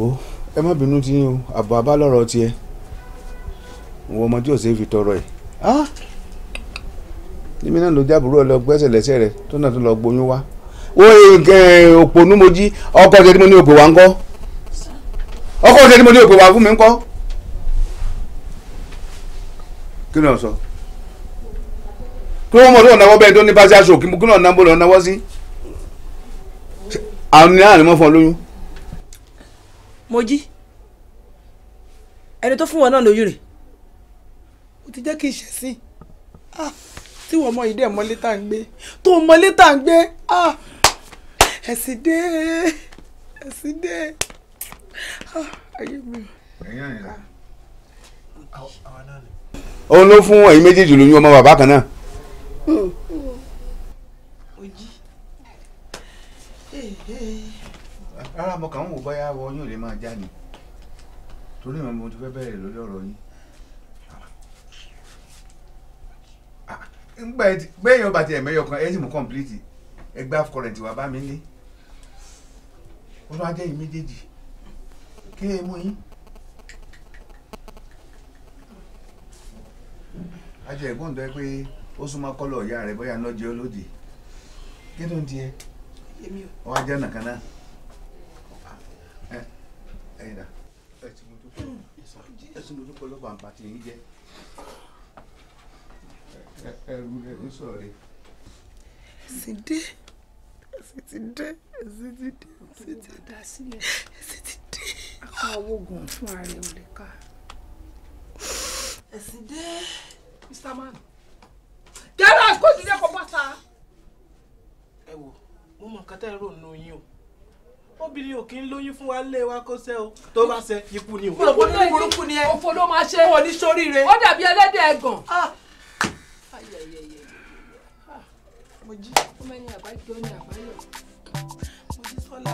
ó ẹ má bínú tí yín o àbọ̀ abá lọ́rọ̀ tiẹ̀ wọ́n ọmọ tí ò ṣeé fi tọrọ ẹ̀ níbi náà ló jábùrú ẹ lọ gbẹ́sẹ̀ lẹ́sẹ̀ rẹ tó náà tó lọ gboyún wá ó òpònú mo jí ọkọ tẹ tí mo ní òpè wá ń kọ́ ọkọ tẹ tí mo ní òpè wá fún mi ń kọ́ kí ni ọ̀ sọ pé wọ́n mọ̀ tó náwó bẹ́ẹ̀ tó ní pàṣẹ aṣọ òkè kí náà náwó lọ náwó sí àwọn náà ni wọ́n fọ́n lóyún. mo jí ẹni tó fún wọn náà lóyún rẹ̀ ó ti jẹ́ kí n ṣe sí i tí wọ́n mọ ìdí ẹ̀ mọ́lé tá à ń gbé tó mọ́lé tá à ń gbé ah, ẹ̀sìn dé ẹ̀sìn dé ah, ayé mi. Ah. òun ló fún ẹ̀yin méjèèjì lóyún ọmọ bàbá kan náà. ojí rárá mo kàn ń wò bóyá wọ yóò lè máa já ni torí ìmọ̀ mo ti fẹ́ bẹ̀rẹ̀ lórí ọ̀rọ̀ yín gbẹ̀yìn ọba ti kan ẹ sì mú ẹgbẹ́ wà bá mi lé ọlọ́ ajẹ́yìn méjèèjì kí lè mú yín ajẹ́ ẹ̀gbọ́n pé. ó súnmọ́ kọ́lọ̀ ọ̀yá rẹ̀ bóyá lọ́jẹ́ olóde kí ló ń tiẹ̀ ọwọ́ ajá nàkan náà ẹ ẹ dà ẹ ti mú dúpọ̀ ẹ ti mú dúpọ̀ lọ́pọ̀ àǹpàtì yìí jẹ́ ẹ ẹ rú ẹ ń sọ̀rọ̀ rẹ. ẹsìn dé ẹsìn ti dé ẹsìn ti dé ẹsìn ti dá sílẹ̀ ẹsìn ti dé. akọ awogun fún ara ẹ ò lè ká. ẹsìn dé Mr. Man gẹ́rà kó dìde kó bọ́ sa. ẹ wo mo mọ nǹkan tẹ́ ẹ rò nù yín o obìnrin ò kí ń lóyún fún wa lé wa kó ṣe o tó bá ṣe ikú ni o. òfò ló burúkú ni ẹ òfò ló máa ṣe òwò ní sóríire. ó dàbí ẹlẹ́dẹ̀ ẹ̀gàn. Ah. mo jí ó mẹ́ni àbájọ ní àbáyọ mo jí sọ́la.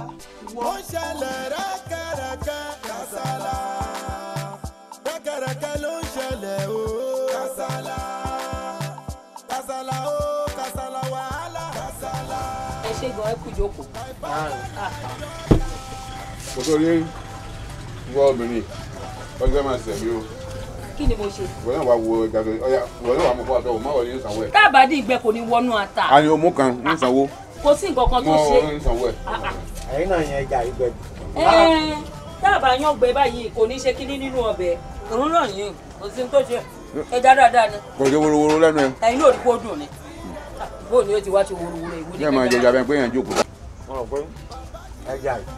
ó ṣẹlẹ̀ rẹ́kẹ̀rẹ́kẹ́ kásálà rẹ́kẹ̀rẹ́kẹ́ ló ń ṣẹlẹ̀ o kásálà. ṣe gan ẹ kú jókòó. kò tó rí wọ obìnrin ọjọ́ máa ṣẹ̀ o. kí ni mo ṣe. ìwọ náà wà wo ìgbà tó ọyà ìwọ náà wà mú fún àtọwò má wọlé ní sanwó ẹ. káàbàdì ìgbẹ́ kò ní wọnú ata. a ní omú kan ní sanwó. kò sí nǹkan kan tó ṣe. mo ń sanwó ẹ. Ah, ah. ẹ̀yin náà yan ẹja ìgbẹ́. táàbà yan ọgbẹ báyìí kò ní ṣe kínní nínú ọbẹ̀ òun náà yìí kò sí tó ṣe ẹja dáadáa ni. kò ṣe worowóró lẹ́nu ẹ. ẹ̀yin náà ò bóò ni ó ti wá ti wúruwúru ìwé ní kẹjá. mẹ́ẹ̀mọ jẹjọ abẹ́ pé èèyàn jókòó. wọn rò pé ẹja yìí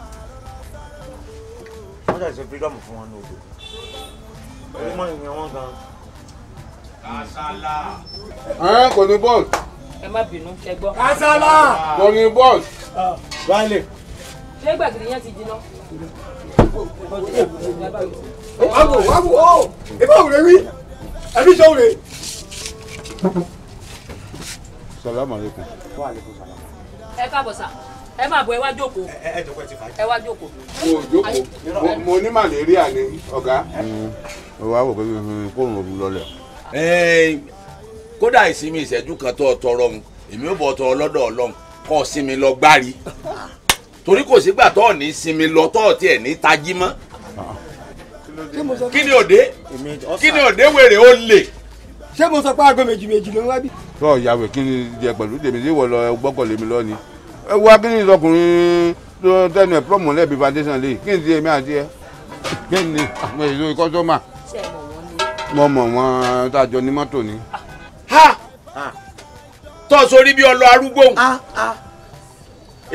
wọ́n ṣàì ṣe freedom fún wọn ní odò orí mọ́ ìyẹn wọn gan. kásálà. ẹ kò ní bọ́ọ̀lù. ẹ má bínú ẹ gbọ́. kásálà. kò ní bọ́ọ̀lù. Ah, báyìí. ṣé gbàgìrì yẹn ti jiná. wàá wò wàá wò wí ẹbí sọ wò salamu aleykum. wa aleykum salam. ẹ káàbọ̀ sà ẹ máa bọ̀ ẹ wá jókòó. ẹ jókòó ti fà á. ẹ wá jókòó. mo jókòó mo ní malaria ni ọ̀gá. Mm. mo wá wò pé fóònù òbí lọlẹ̀. kódà ìsinmi ìṣẹ́jú kan tó tọrọ òun èmi ò bọ̀ tọ ọlọ́dọ̀ ọlọ́run kọ́ sinmi lọ gbárí torí kò sígbà tó ọ̀ ní sinmi lọ tó ọ̀ tiẹ̀ ní tají mọ́ ah. kí ni òde kí ni òde wèrè ó lè. ṣé mo sọ pé aago méjì méjì ló ń wá bí tó ìyàwó kí ni jẹ pẹ̀lú tèmi tí wọ́n lọ gbọ́kànlé mi lọ́ni ẹ wá kí ni ìlọkùnrin tó tẹnu ẹ̀ pọ́ọ̀mù lẹ́bi foundation lè kí ni ti èmi àti ẹ kí ni àwọn èso kọ́sọ́mà mo mọ̀ wọ́n tàjọ ní mọ́tò ni. tó o sori bí ọlọ arúgbó ah, ah.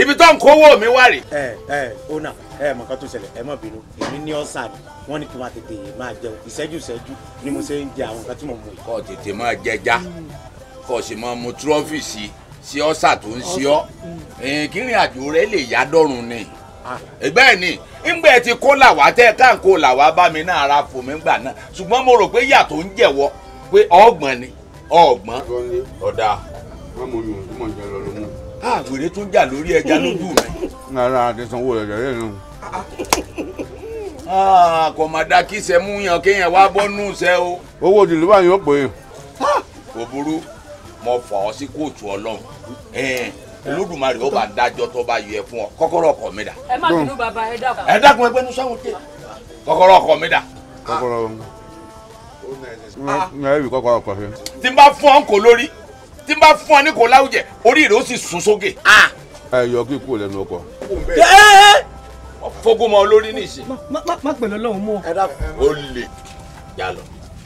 ibi tó ń kówó mi wá rè. ẹ ẹ ọ̀nà ẹ mọ̀ kan tó ṣẹlẹ̀ ẹ má bínú èmi ní ọ̀sán ni wọ́n ní kí n máa tètè máa jẹun ìṣẹ́jú ìṣẹ́jú ni mo ṣe ń jẹ àwọn nǹkan tí mo mú. kọ́ tètè máa jẹja hmm. kò sì mọ mo tírọ́fì sí ọ́sà tó ń sí ọ́ mm. kírìn àjò rẹ lè yá dọ́rùn ni ah. eh, bẹ́ẹ̀ ni ńgbẹ́ ti kó làwá tẹ́ ká ń kó làwá bá mi náà ara náà ṣùgbọ́n mo rò pé yà tó ń jẹ̀wọ́ pé ọgbọn ni ọgbọn. ọ̀dà. àwèrè ah, tún jà lórí ẹja lójú mi. rẹ̀ ah, nù kò kí kéèyàn mo fà ọ sí kóòtù ọlọ́run olódùmarè ó bá dájọ́ tó bá yẹ fún ọ kọ́kọ́rọ́ ọkọ mi dà. ẹ má bínú bàbá ẹ dákun. ẹ dákun ẹgbẹ́ ní sọ́wọ́n ké kọ́kọ́rọ́ ọkọ mi dà. kọ́kọ́rọ́ n yẹrẹ bi kọ́kọ́rọ́ ọkọ mi. tí n bá fún ọ ń kò lórí tí n bá fún ọ ní kò láwùjẹ orí rẹ ó sì sún sókè. Ah. ẹ yọ kí kú lẹ́nu ọkọ. fogun olórí nìṣe. má pẹ̀lú ọlọ́run mú ọ. o lè jà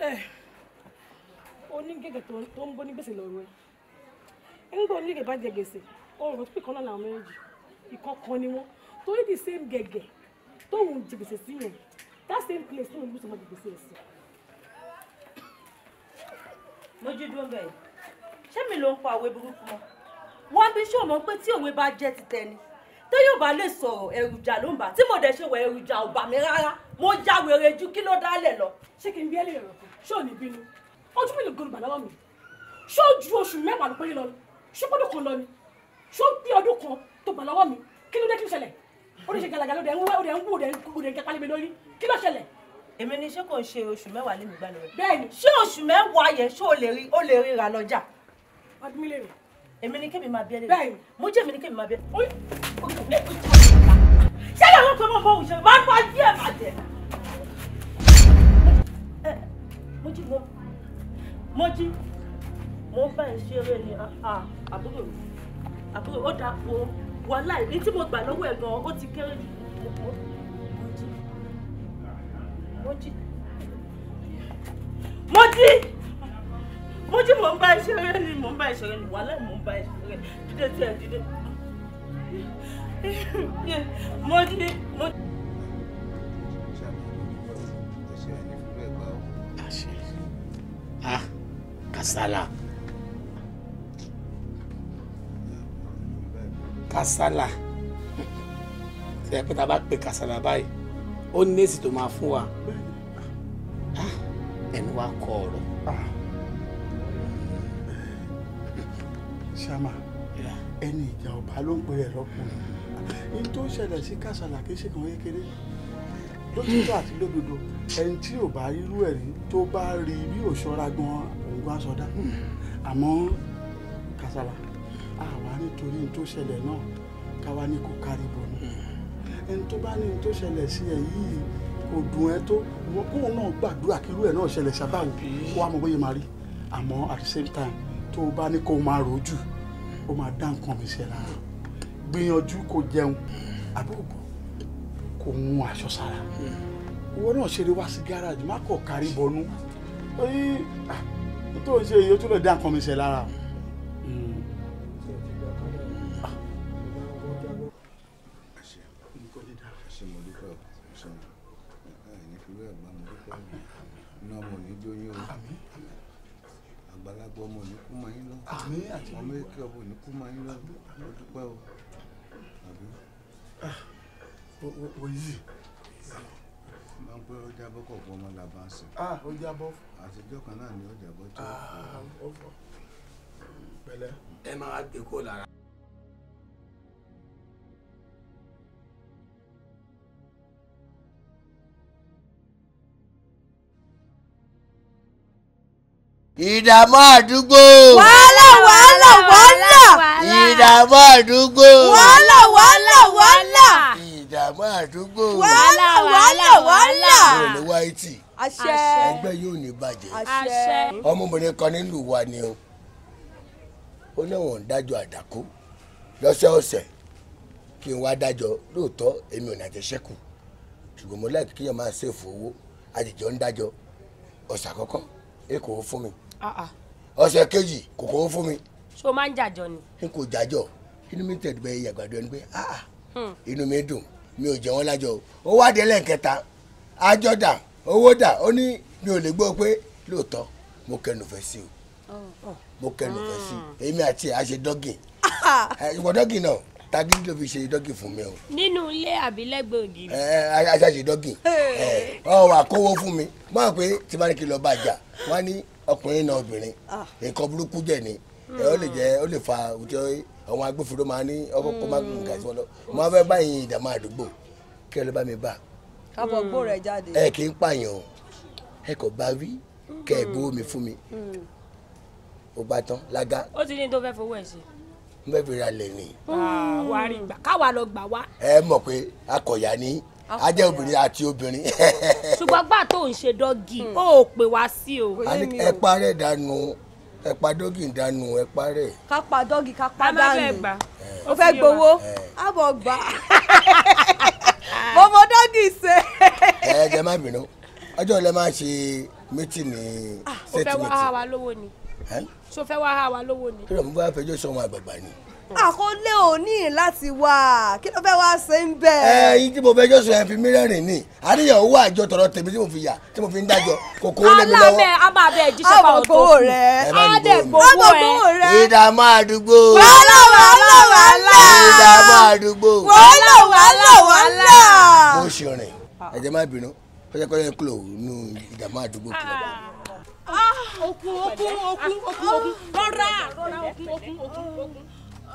Eh, onígègè tó ń bó ní gbèsè lọ́rọ̀ ẹ̀ nígbà onígègè bá jẹ gbèsè ọrùn tó kàn náà làwọn méjèèjì ìkọ̀kan ni wọ́n torí the same gègè tóun jẹ gbèsè sí yẹn that same place tóun lùsọ̀ mọ́ gbèsè sí. lójú dúró bẹ́ẹ̀ ṣé mi ló ń pa òwe burúkú mọ́ wọ́n bí ṣé o mọ̀ pé tí òwe bá jẹ́ ti tẹni tó yóò bá lè sọ̀rọ̀ èròjà ló ń bà tí mo dẹ̀ ṣe wọ èròjà ò bà mí rárá mo já wèrè ju kí ló dálẹ̀ lọ. ṣé kí n bí ẹ lè rọ̀ fún ṣé ò ní bínú ojú mi lè gbọ́dọ̀ gbà lọ́wọ́ mi ṣé ó ju oṣù mẹ́wàá ló péré lọ ni ṣé gbọ́dọ̀ kan lọ ni ṣé ó gbé ọdún kan tó gbà lọ́wọ́ mi kí ló dé kí ló ṣẹlẹ̀ ó lè ṣe gàlagàla ó dẹ̀ ń wú ó dẹ̀ ń wú ó dẹ̀ ń jẹ́ pálí mi lórí kí ló ṣẹlẹ̀ èmi ni ṣé kò ń ṣe oṣù mẹ́wàá lèmi gbà lọ́wọ́. bẹ́ẹ̀ni ṣé oṣù mẹ́wàá yẹn ṣé o lè rí o lè rí ra lọ́jà. ọdún mi lè rè. èmi ni kébì máa bí ẹni. bẹ́ẹ̀ni mo jẹ́ èmi ni kébì máa bí ẹni. ṣé ìyàwó kan mọ̀ bọ́ òṣèlú máa ń bá yí ẹ̀ máa Mojí mo Mojí mo ń bá ẹ ṣeré ni àbúrò àbúrò ó dáa po wàhálà ní tí mo gbà lọ́wọ́ ẹ̀ gan-an ó ti kéré jù Mojí Mojí Mojí Mojí mo ń bá ẹ ṣeré ni mo ń bá ẹ ṣeré ni wàhálà mo ń bá ẹ ṣeré dídé tí ẹ dídé Mojí Mojí. ah kasala kasala ṣe pé tá a bá pe kasala báyìí ó ní èsì tó máa fún wa ẹnu wa kọ ọ̀rọ̀. Ah. ṣàmà ẹni ìjà ọba ló ń pè é lọkùnrin ní tó ṣẹlẹ̀ sí kasala kì í ṣe kàn kékeré lótìtọ́ àti lódodo ẹni tí ò bá rírú ẹ̀ rí tó bá rí bí ò ṣọ́ra gan òun gbá àmọ́ kasala àwa nítorí ní tó ṣẹlẹ̀ náà káwa ní kò kárí bọ̀nú ẹni tó bá ní ní tó ṣẹlẹ̀ sí ẹ yìí kò dùn ẹ tó wọn kóun náà gbàdúrà kírú ẹ náà ṣẹlẹ̀ sábàwò kó wàá mọ bóyá máa rí àmọ́ at the same time tó o bá ní kó o máa rò ó jù ó máa dá nǹkan mi ṣe gbìyànjú kó jẹun àbí òbò òun aṣọ sára ìwọ náà ṣeré wá sí gáràjì má kọ̀ kárí bọnú ó yí tó ń ṣe èyí ó tún lè dá nǹkan mi ṣe lára. àgbàlagbà o yìí máa ń pẹ́ ọmọ làbá ń sìn. ah ó àtijọ́ kan náà ni ó tó. ah fọ pẹ̀lẹ́. ẹ máa gbé kó lára. ìdààmú àdúgbò. wàhálà wàhálà wàhálà. ìdààmú àdúgbò. wàhálà wàhálà wàhálà. ìdààmú àdúgbò. wàhálà wàhálà wàhálà. yóò ní wáìtì. àṣẹ. ẹgbẹ́ yóò ní bàjẹ́. àṣẹ. ọmọbìnrin kan nílùú wa ni o ó ní ń lọ́sọ̀ọ̀sẹ̀ kí n wá lóòótọ́ èmi ò ní ṣùgbọ́n mo láì kíyàn máa owó ń ọ̀sẹ̀ àkọ́kọ́ fún mi ah, ah. ọ̀sẹ̀ kejì fún mi. máa ń jàjọ ni. n kò jàjọ inú mi mi ò jẹ wọn lájọ o ó wá dé lẹ́ǹkẹta àjọ dà owó dà ó ní mi ò lè gbọ́ pé lóòótọ́ mo kẹnu fẹ́ sí o oh, oh. mo kẹnu fẹ́ sí mm. èmi àti ẹ̀ á ṣe dọ́gìn ìwọ dọ́gìn náà tagi ló fi ṣe dọ́gìn fún mi o. nínú ilé àbí lẹ́gbẹ̀ẹ́ òdì. ẹ ẹ aṣá ṣe dọ́gìn ọ wà kówó fún mi mọ̀ pé tí bá ní kí n lọ bá jà wọ́n á ní ọkùnrin náà obìnrin ah. nǹkan burúkú jẹ́ ni ó lè jẹ́ ó lè fa òjò àwọn agbófinró máa ní ọkọ̀ kó má gùn gàdí lọ mo máa báyìí ìdààmú àdúgbò kí ẹ bá mi bá. kábọ̀ gbó rẹ̀ jáde. ẹ kì í pààyàn ẹ kò bá wí kẹ ẹ gbówó mi fún mi ó bá tán lága. ó ti ní tó fẹ́ fowó ẹ̀ ṣe. n bẹ́ẹ̀ fi ra ni. wà á rí gbà káwa lọ gbà wá. ẹ mọ̀ pé akọ̀yà ni a jẹ́ obìnrin àti obìnrin. ṣùgbọ́n gbà tó ń ṣe dọ́gì hmm. ó pè wá sí o. ẹ parẹ́ dànù ẹ pa dọ́gì ìdánù ẹ parẹ́. ká pa dọ́gì ká pa o fẹ́ gbowó àbọ̀ gbà dọ́gì ṣe. ẹ jẹ má bínú ọjọ́ máa ṣe mítìnì ah, o fẹ́ wá wa lówó ni. so fẹ́ wá wa lówó ni. kí ló ń bá Ah, àkọlé òní láti wá kí ló fẹ́ wá ṣe ń bẹ̀. ẹ yín tí mo fẹ́ jọ́sùn ẹ fi mí rẹ́rìn ni àríyàn owó àjọ tọrọ tèmi tí mo fi yà tí mo fi ń dájọ kò kó lé mi lọ́wọ́. alábẹ́ abàbẹ́ jíṣẹ́ pa òtó kù àdẹ̀gbowó rẹ. ìdààmú àdúgbò. wàhálà wàhálà wàhálà. ìdààmú àdúgbò. wàhálà wàhálà wàhálà. mo ṣe rìn ẹ̀jẹ̀ má bínú fẹ́jẹ̀ kọ́lẹ́ kúlò nù ìdààmú àdúgbò kìlọ̀ ah, okun okun okun okun okun ah, rọra okun okun okun okun.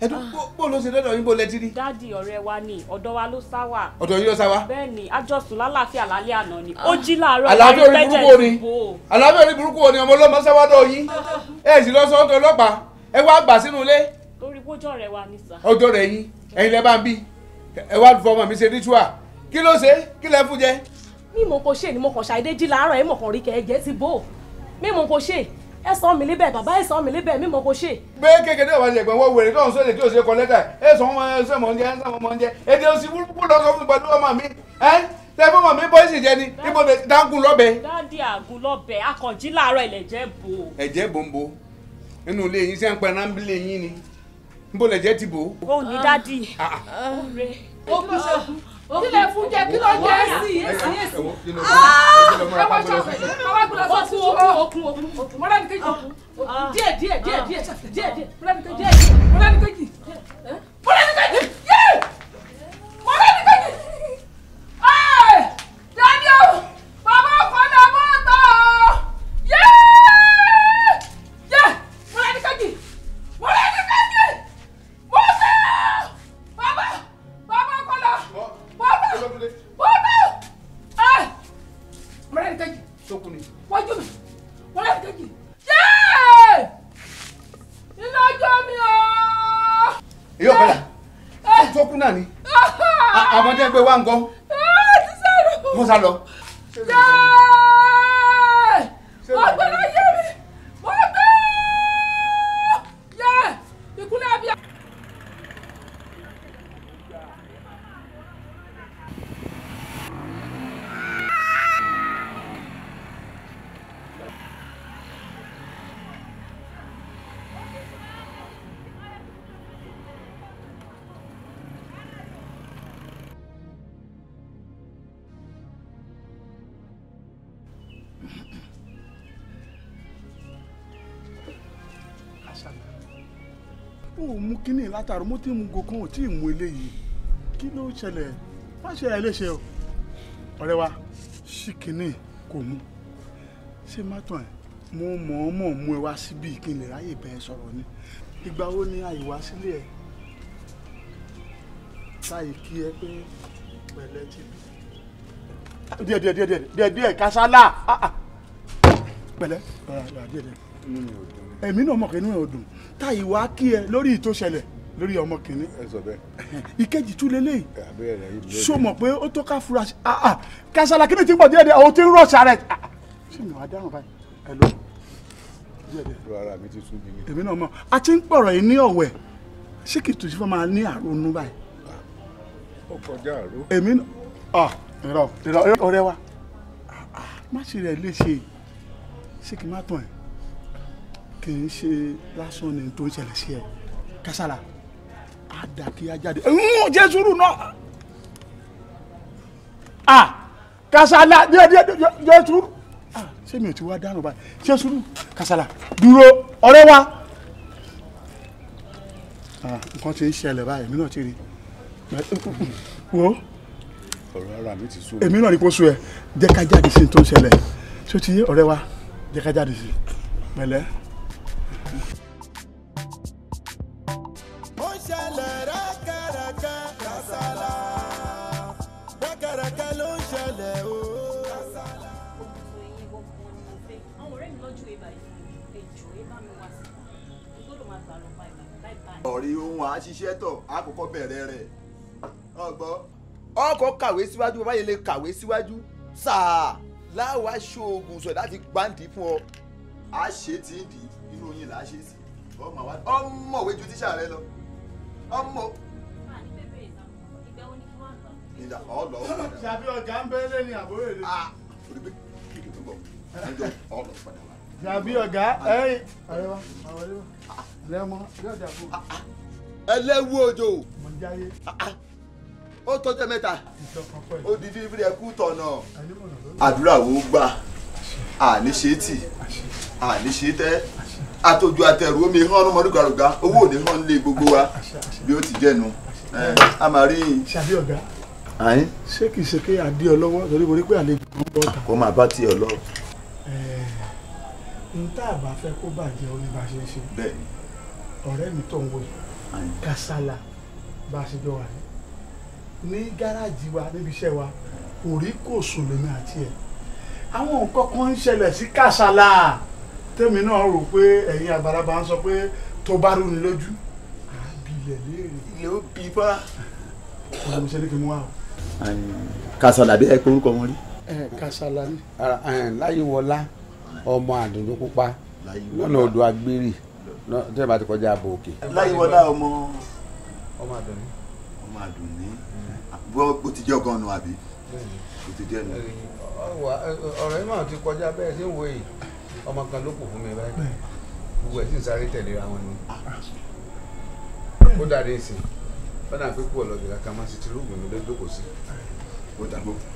ẹdun ah. bó ló ṣe dọdọ yín bó lẹtí rí. dáàdi ọ̀rẹ́ wa ni ọ̀dọ̀ wa ló sá wa. ọ̀dọ̀ yín ló sá wa. bẹ́ẹ̀ni àjọsùn lálàáfíà lálẹ́ àná ni ah. ó jí láàárọ̀ àlàáfíà orí burúkú wo ni àlàáfíà orí burúkú wo ni ọmọ ọlọ́mọ sáwádọ yín ah. ẹ sì lọ sọ ọ̀dọ̀ ọlọ́pàá ẹ wá gbà sínú ilé. torí kójọ rẹ wa ni sà. ọjọ́ rẹ yín ẹ̀yin lẹ bá ń bí ẹ wá fọmọ mi ṣe ritual kí ló ṣe kí lẹ fún jẹ. mímọ kò ṣe ni mo kàn ṣàìdéjì láàárọ̀ ẹ ẹ sọ mi níbẹ̀ bàbá ẹ sọ mi níbẹ̀ mi mọ̀ bó ṣe. gbé kékeré wà ní ẹ̀gbọ́n wọ wèrè tó ń sọ èdè tí o ṣe kọ lẹ́tà ẹ sọ ọmọ ẹ sọ ọmọ oúnjẹ ẹ sọ ọmọ oúnjẹ èdè òsì wúlúkú lọ sọ fún pẹ̀lú ọmọ mi ẹ tẹfún ọmọ mi bọ́ìsì jẹ ni ibo de dágùn lọ́bẹ. dáàdi àgùn lọ́bẹ akọ̀jí làárọ̀ ẹ̀lẹ̀jẹ̀ bò. ẹ̀jẹ̀ bò ń bò nínú ilé yín sẹ́ ń pẹ́ náà ń bilé ni ń kí lè fún jẹ kí ló jẹ èsì èsì èsì ẹ wá jọ ẹ wá gbọ́dọ̀ sọ sí okun okun okun okun mọlá ní kejì okun ah. ah. díẹ̀ díẹ̀ díẹ̀ díẹ̀ díẹ̀ díẹ̀ mọlá ní kejì díẹ̀ díẹ̀ mọlá ní kejì mọlá ní kejì. látàrí mo ti mu gokan ò tí ì mu eléyìí kí ló ṣẹlẹ̀ má ṣe ẹ léṣe o ọ̀rẹ́ wa ṣìkìnnì kò mu ṣé má tàn mo mọ̀ọ́mọ̀ mú ẹ wá síbi kí n lè ráyè bẹ́ẹ̀ sọ̀rọ̀ ni ìgbà wo ni àyíwá sílé ẹ̀ láyé kí ẹ pé pẹ̀lẹ́ ti bí. díẹ̀ díẹ̀ díẹ̀ díẹ̀ díẹ̀ kásálà ah, ah. pẹ̀lẹ́ díẹ̀ díẹ̀ èmi náà mọ̀ kí inú ẹ̀ ò dùn táyíwá kí ẹ lórí ìtòṣẹlẹ̀ lórí ọmọ kìnínní. ẹ sọ bẹ́ẹ̀. ìkejì tún lélẹ̀ yìí ṣó mọ̀ pé ó tó ká fura sí i kasala kìnínní ti pọ̀ díẹ̀ díẹ̀ àwọn tí ń rọ̀ sàrẹ̀ ah, ah. ṣé mi wàá dáràn báyìí ẹ lọ. èmi náà mọ̀ a ti ń pọ̀rọ̀ yìí ní ọ̀wẹ̀ ṣé kì í tù sí fún ma ní àrònú báyìí. ó kọjá àrò. èmi náà ìrọ̀ ìrọ̀ ọ̀rẹ́ wa ah, má ṣe rẹ̀ léṣe ṣé kì dà kí a jáde ń jẹ́ sùúrù náà ah kasala jẹ́ sùúrù ah ò ti wá dànù báyìí jẹ́ sùúrù kasala dúró ọ̀rẹ́ wa nǹkan ti ń ṣẹlẹ̀ báyìí èmi náà ti rí wo ọ̀rọ̀ ara mi ti sú èmi náà ni kò sú ẹ jẹ́ ká jáde sí tó ń ṣẹlẹ̀ tí ti yé ọ̀rẹ́ wa jẹ́ ká jáde sí pẹ̀lẹ́. ó ṣẹlẹ̀. ọ̀rí ohun àṣìṣẹ́ tọ̀ àkọ́kọ́ bẹ̀rẹ̀ rẹ̀ ọgbọ́. ọkọ̀ kàwé síwájú bàbá yẹn lè kàwé síwájú sáà láwa ṣoògùn sọ̀dá ti gbáǹdì fún ọ. a ṣe tí ń dì inú oyin là á ṣe sí ọmọ wa ọmọwé ju tíṣà rẹ lọ ọmọ. ìdá ọlọ. ṣàbí ọjà ń bẹ́ẹ́lẹ́ ni àbúrò èdè. a ah, orí bẹ́ẹ̀ kí ló ń bọ̀ ọlọ padà jàbí ọ̀gá ẹ̀yìn ọ̀rẹ́ wa lẹ́mọ bí ọ̀dà kò. ẹlẹ́wù òjò. mo ń jáyé. ó tọ́jọ́ mẹ́ta ó di delivery ẹ̀kú tọ̀nà àdúrà wo gbà àní ṣe tì àní ṣe tẹ́ àtòjú àtẹrù omi hàn ọmọ rúgarùgà owó ò ní hàn lé gbogbo wa bí ó ti jẹnu a máa rí yín. ṣàbí ọ̀gá ṣé kìí ṣe pé àdí ọ lọ́wọ́ torí mo rí pé àlejò ń bọ̀ ta. kó máa bá tiẹ̀ lọ n tá a bá fẹ́ kó bàjẹ́ orí bá ṣe ń ṣe bẹ́ẹ̀ ọ̀rẹ́ mi tó ń wò kásálà bá a ṣe jọ wà ní gáràjì wa níbi iṣẹ́ wa kò rí kò sùn lèmi àti ẹ̀ àwọn nǹkan kan ń ṣẹlẹ̀ sí kásálà tèmi náà rò pé ẹ̀yin àgbàlagbà ń sọ pé tó bá rú ni lójú àbílẹ̀ léèrè ilé ó bí bá ọ̀rọ̀ mi ṣe ní kí n kásálà bí ẹ pé orúkọ wọn rí. kásálà ni. láyé wọlá ọmọ àdùnnú pupa lọ́nà odò agbérì tí ẹ bá ti kọjá abo òkè. láyéwọlá ọmọ ọmọ àdùnní. ọmọ àdùnní bó ti jẹ́ ọgọ́nu àbí bó ti jẹ́ nu. ọ̀rọ̀ yìí máa ti kọjá bẹ́ẹ̀ ṣé ń yìí ọmọ kan ló kù fún mi báyìí gbogbo ẹ̀ sì ń sáré tẹ̀lé ra ni ah, ah. ó dàdé sí i ó dà pé kú ọ̀lọ́bì kankan máa sí i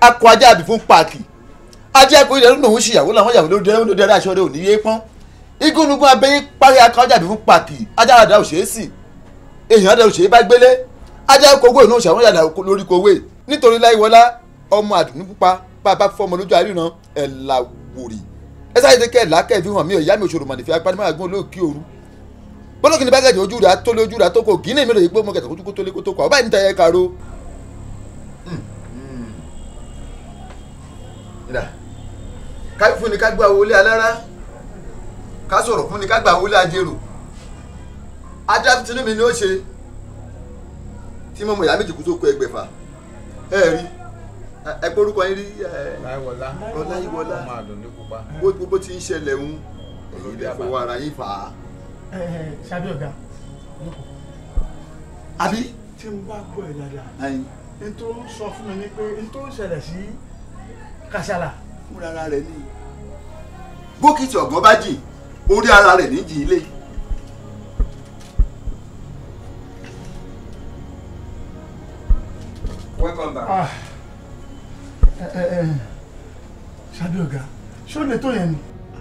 akọ ajá àbí fún páàkì ajá ẹkọ ilẹ̀ lónìí òun ṣìyàwó làwọn ìyàwó ló dẹ́rẹ́ ló dẹ́rẹ́ aṣọ rẹ̀ ò ní yé pọ́n igúnnugún abẹ́yẹ parí akọ ajá àbí fún páàkì ajá àdá ò ṣeé sì èèyàn àdá ò ṣeé bá gbélé ajá ẹkọ owó ìnáwó ṣàwọn ìyàdá lórí kowé nítorí láìwọlá ọmọ àdùnnú pupa bàbá fọmọ lójú àríran ẹ̀ làwòrì ẹ sáré dé kẹ́ẹ̀lá kẹ́ẹ̀fì hàn mí ò ìyá mi òṣòro mànífẹ́ apanimọ́ àgbọn olóòkì òru bọ́lọ́kì ní bágẹ́jì ojú rẹ̀ atólé ojú rẹ̀ atókò gíní mi lòye pé mo kẹ̀tà kótókó tólé kótókó àwọn báyìí níta yẹ karo ká fún ni ká gbà wọlé alára ká sọ̀rọ̀ fún ni ká gbà wọlé ajérò ajá tuntun mi ni ó ṣe tí mo mọ ìyá méjì kú tó kó ẹgbẹ̀fà ẹ rí ẹ gbórúkọ yín rí ọláyíwọlá ọláyíwọlá bó ti ń ṣẹlẹ̀ ń èyí lè fọwọ́ ara yín fà á. ṣáájú ọ̀gá àbí. tí n bá gbọ́ ẹ̀ dáadáa n tó ń sọ fún mi ni pé n tó ń ṣẹlẹ̀ sí kàṣàlà. fúnra rẹ̀ ni bókìtì ọ̀gbọ́n bá jìn orí ara rẹ̀ níjì ilé. welcome back. Ah. Eh, eh, eh. ṣáájú ọ̀gá ṣó lè tó yẹn ni.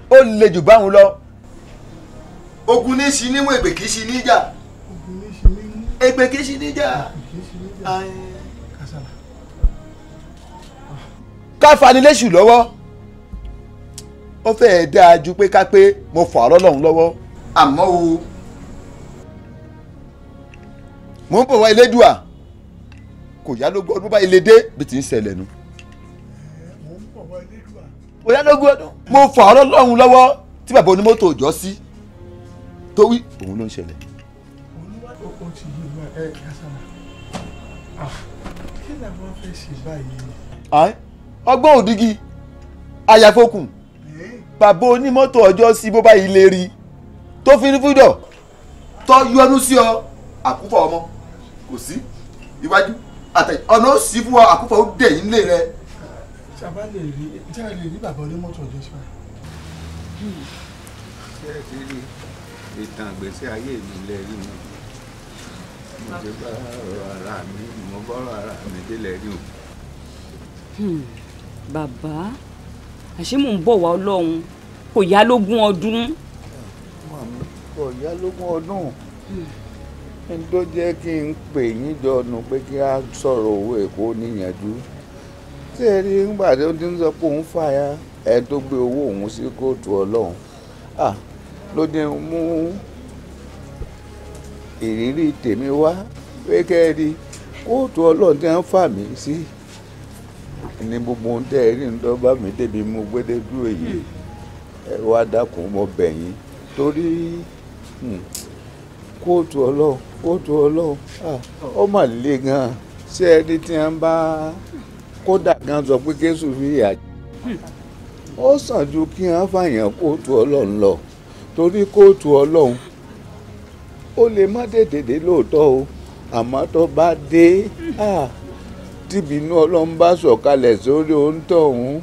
ó lè jù báwọn lọ. ogun ní í sí nímú ègbè kì í sí níjà. ogun ní í sí nímú. ègbè kì í sí níjà. ègbè kì í sí ká faniléṣù lọ́wọ́ ó fẹ́ẹ́ dáa ju pé ká pé mo fọ àrọ́ lọ́hùn lọ́wọ́ àmọ́ o mò ń bọ̀ wá Elédùà kò yálógún ọdún báyìí lè dé bí ti ń ṣẹlẹ̀ nu kò yálógún ọdún mo fọ àrọ́ lọ́hùn lọ́wọ́ tí bàbá onímọ́tò òjọ́ sí tó wí òun ló ń ṣẹlẹ̀. olùwádìí ti yí ma ọgbọ́n òdigi àyàfokùn bàbá onímọ́tò ọjọ́ sí bó báyìí lè rí tó fi ní fúdọ̀ tó yọnu sí ọ àkúfọ̀ ọmọ kò sí iwájú àtẹ̀yìn ọ̀nà ó sì fún ọ àkúfọ̀ ó dẹ̀ yín lé rẹ. sábà lè rí jẹ́ lè rí bàbá onímọ́tò ọjọ́ sí báyìí. ṣé ẹ ti rí ìtàn ìgbésí ayé mi lẹ rí mi mo ti bá ọ̀rọ̀ ara mi mo bọ́rọ̀ ara mi délẹ̀ rí o. Hmm bàbá àṣé mò ń bọ̀ wá ọlọ́run kò yá lógún ọdún. màmí kò yá lógún ọdún hmm. n tó jẹ́ kí n pè yín jọnu pé kí a sọ̀rọ̀ owó èkó níyànjú ṣé ẹ rí nígbà tó ti ń sọ pé òun fàyà ẹ tó gbé owó òun sí kóòtù ọlọ́run ló dé mú ìrírí tèmi wá pé kẹ́ kóòtù ọlọ́run ti ń fà mí sí. Si ní gbogbo ohun tẹ́ ẹ rí ń dọ́gba mi débi mo gbédé dúró yìí hmm. ẹ wá dákun mo bẹ̀ yín torí hmm, kóòtù ọlọ́run kóòtù ọlọ́run ó mà le gan ṣé ẹni tí wọ́n bá kódà gan sọ pé Jésù fi yà hmm. ó sàn ju kí wọ́n fàyàn kóòtù ọlọ́run lọ torí kóòtù ọlọ́run ó lè má tètè dé lóòótọ́ o àmọ́ tó bá dé tíbínú ọlọ́run bá sọ̀kalẹ̀ sórí òǹtọ̀ ọ̀hún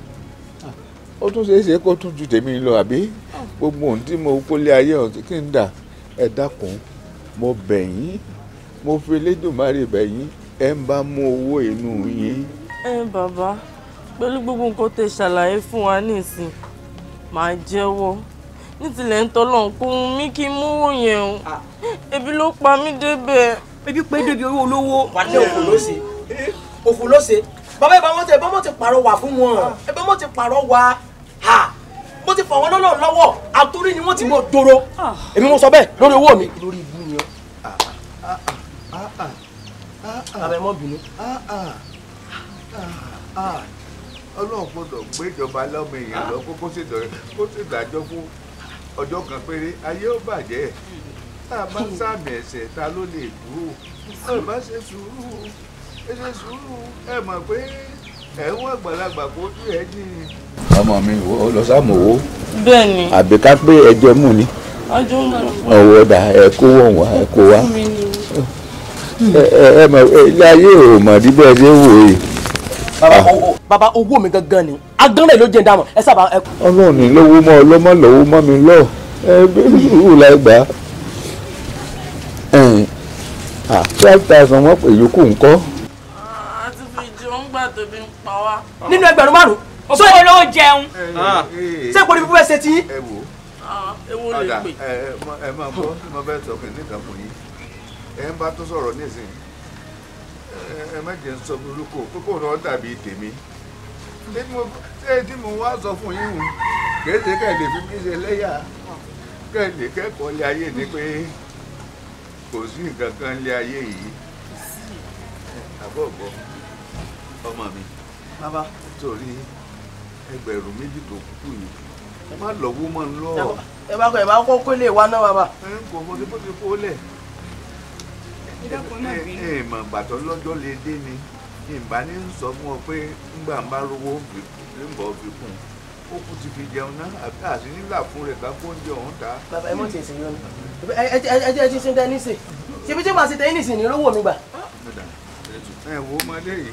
ó tún ṣeé ṣe kó tún ju tèmi lọ àbí gbogbo ohun tí mo kólé ayé ọ̀hún kí n dà ẹ dákun mo bẹ̀ yín mo fi Elédùmarè bẹ̀ yín ẹ ń bá mú owó inú yín. ẹ bàbá pẹ̀lú gbogbo nǹkan tẹ ṣàlàyé fún wa nísìn màá jẹ́wọ́ ní tilẹ̀ ń tọ́lọ̀ kó mi kí n mówó yẹn ah. ebi ló pa mí débẹ̀. ebi pé débi owó olówó. wàá tẹ òkú ló sì òfò ló ṣe bàbá ìbá wọn tẹ ìbá wọn ti pàrọwà fún wọn ìbá wọn ti pàrọwà ha mo ti fà wọn lọ́nà lọ́wọ́ àtúrí ni wọ́n ti mọ dòrò èmi mo sọ bẹ́ẹ̀ lórí owó mi. lórí ibu ni ọ ara mọ bínú. ọlọ́run gbọ́dọ̀ gbé ìjọba lọ́mọ èèyàn lọ kó kó sì dájọ́ fún ọjọ́ kan péré ayé ó bàjẹ́ tá a bá sàmì ẹ̀sẹ̀ ta ló lè dúró tá a bá ṣe sùúrù ẹ ṣe sùúrù ẹ mọ̀ pé ẹ ń wọ́n àgbàlagbà kó ojú ẹ dì í. ọmọ mi ò lọ sáàmù owó. bẹ́ẹ̀ni. àbí ká pé ẹjọ mú ni. ọjọ́ ń bọ̀. ọwọ́ dà ẹ kó wọ̀n wá ẹ kó wá. ẹ mọ̀ ilé ayé ò mọ̀ bí bẹ́ẹ̀ ṣe wò yìí. Ah. bàbá owó mi gangan ni agánlẹ̀ ló jẹ́ ń dámọ̀ ẹ sábà. ọlọ́run ní lówó mọ́ ọlọ́mọ lọ́wọ́ mọ́ mi lọ ẹ bẹ́ẹ̀ sùúrù la gbà á. five ah, thousand wọ́n pè yòókù ńkọ́ nígbà tó bí ń pa wá. nínú ẹgbẹ̀rún márùn. òkú olówó jẹun. Ah. Ah. ṣé kò ní bí bẹ́ẹ̀ ṣe ti yín. ẹ wò ah, ewo lè pè. ẹ máa bọ́ mo bẹ́ẹ̀ sọ pé nígbà fún yín ẹ ń bá tó sọ̀rọ̀ nísìnyí ẹ má jẹ́ sọ burúkú kókó náà dàbí tèmi tí mo wá sọ fún yín hùn kéde kẹ́lẹ̀ fi mí ṣe lẹ́yà kẹ́lẹ̀ kẹ́kọ̀ọ́ lé ayé ni pé kò sí nǹkan kan lé ayé yìí àbọ̀bọ̀ ọmọ mi bàbá torí ẹgbẹ̀rún méjì tó kúkú yìí ẹ má lọ́wọ́ mọ́ ń lọ. ẹ bá kọ ẹ bá kọ kó lè wá náà bàbá. ẹ kò mọ kí bó ti kó lẹ̀. ẹ ẹ mọ̀ gbàtọ́ lọ́jọ́ lè dé ni ìbá ní ń sọ fún ọ pé ńgbà ń bá rówó ń bọ̀ fi kún ó kú ti fi jẹun ná àbí àti nílà fún rẹ̀ ká kó oúnjẹ ọ̀hún ta. bàbá ẹ mọ̀ tẹ̀ sí yọnu ẹ ẹ ti ṣe tẹ́ ní sè ṣe bí tí màá ṣe tẹ́ ní sè ní rówó mi gbà. ẹ wo ọmọdé yìí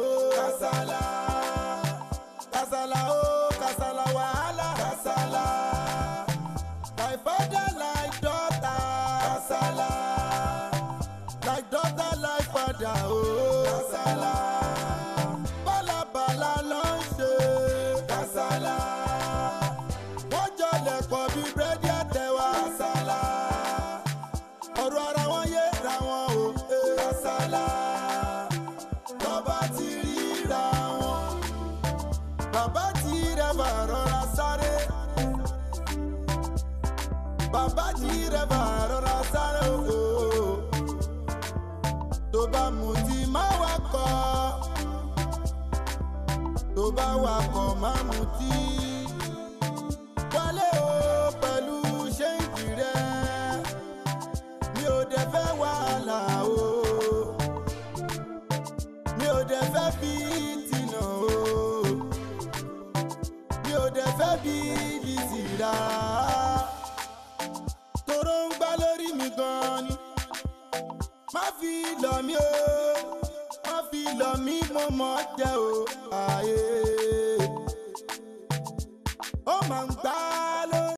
bàbá jí rẹ̀bà rọra sáré òkò tó bá mutí má wakọ̀ tó bá wakọ̀ má mutí wálé o pẹ̀lú ṣéǹkì rẹ̀ mi o dẹ̀ fẹ́ wàhálà o mi ò dẹ̀ fẹ́ fi tìǹà o mi ò dẹ̀ fẹ́ bí bìtì lórí mi gan ni má fi lọ mí o má fi lọ mí mo mọ̀ ọ́ o àyè ó máa ń gbá lórí.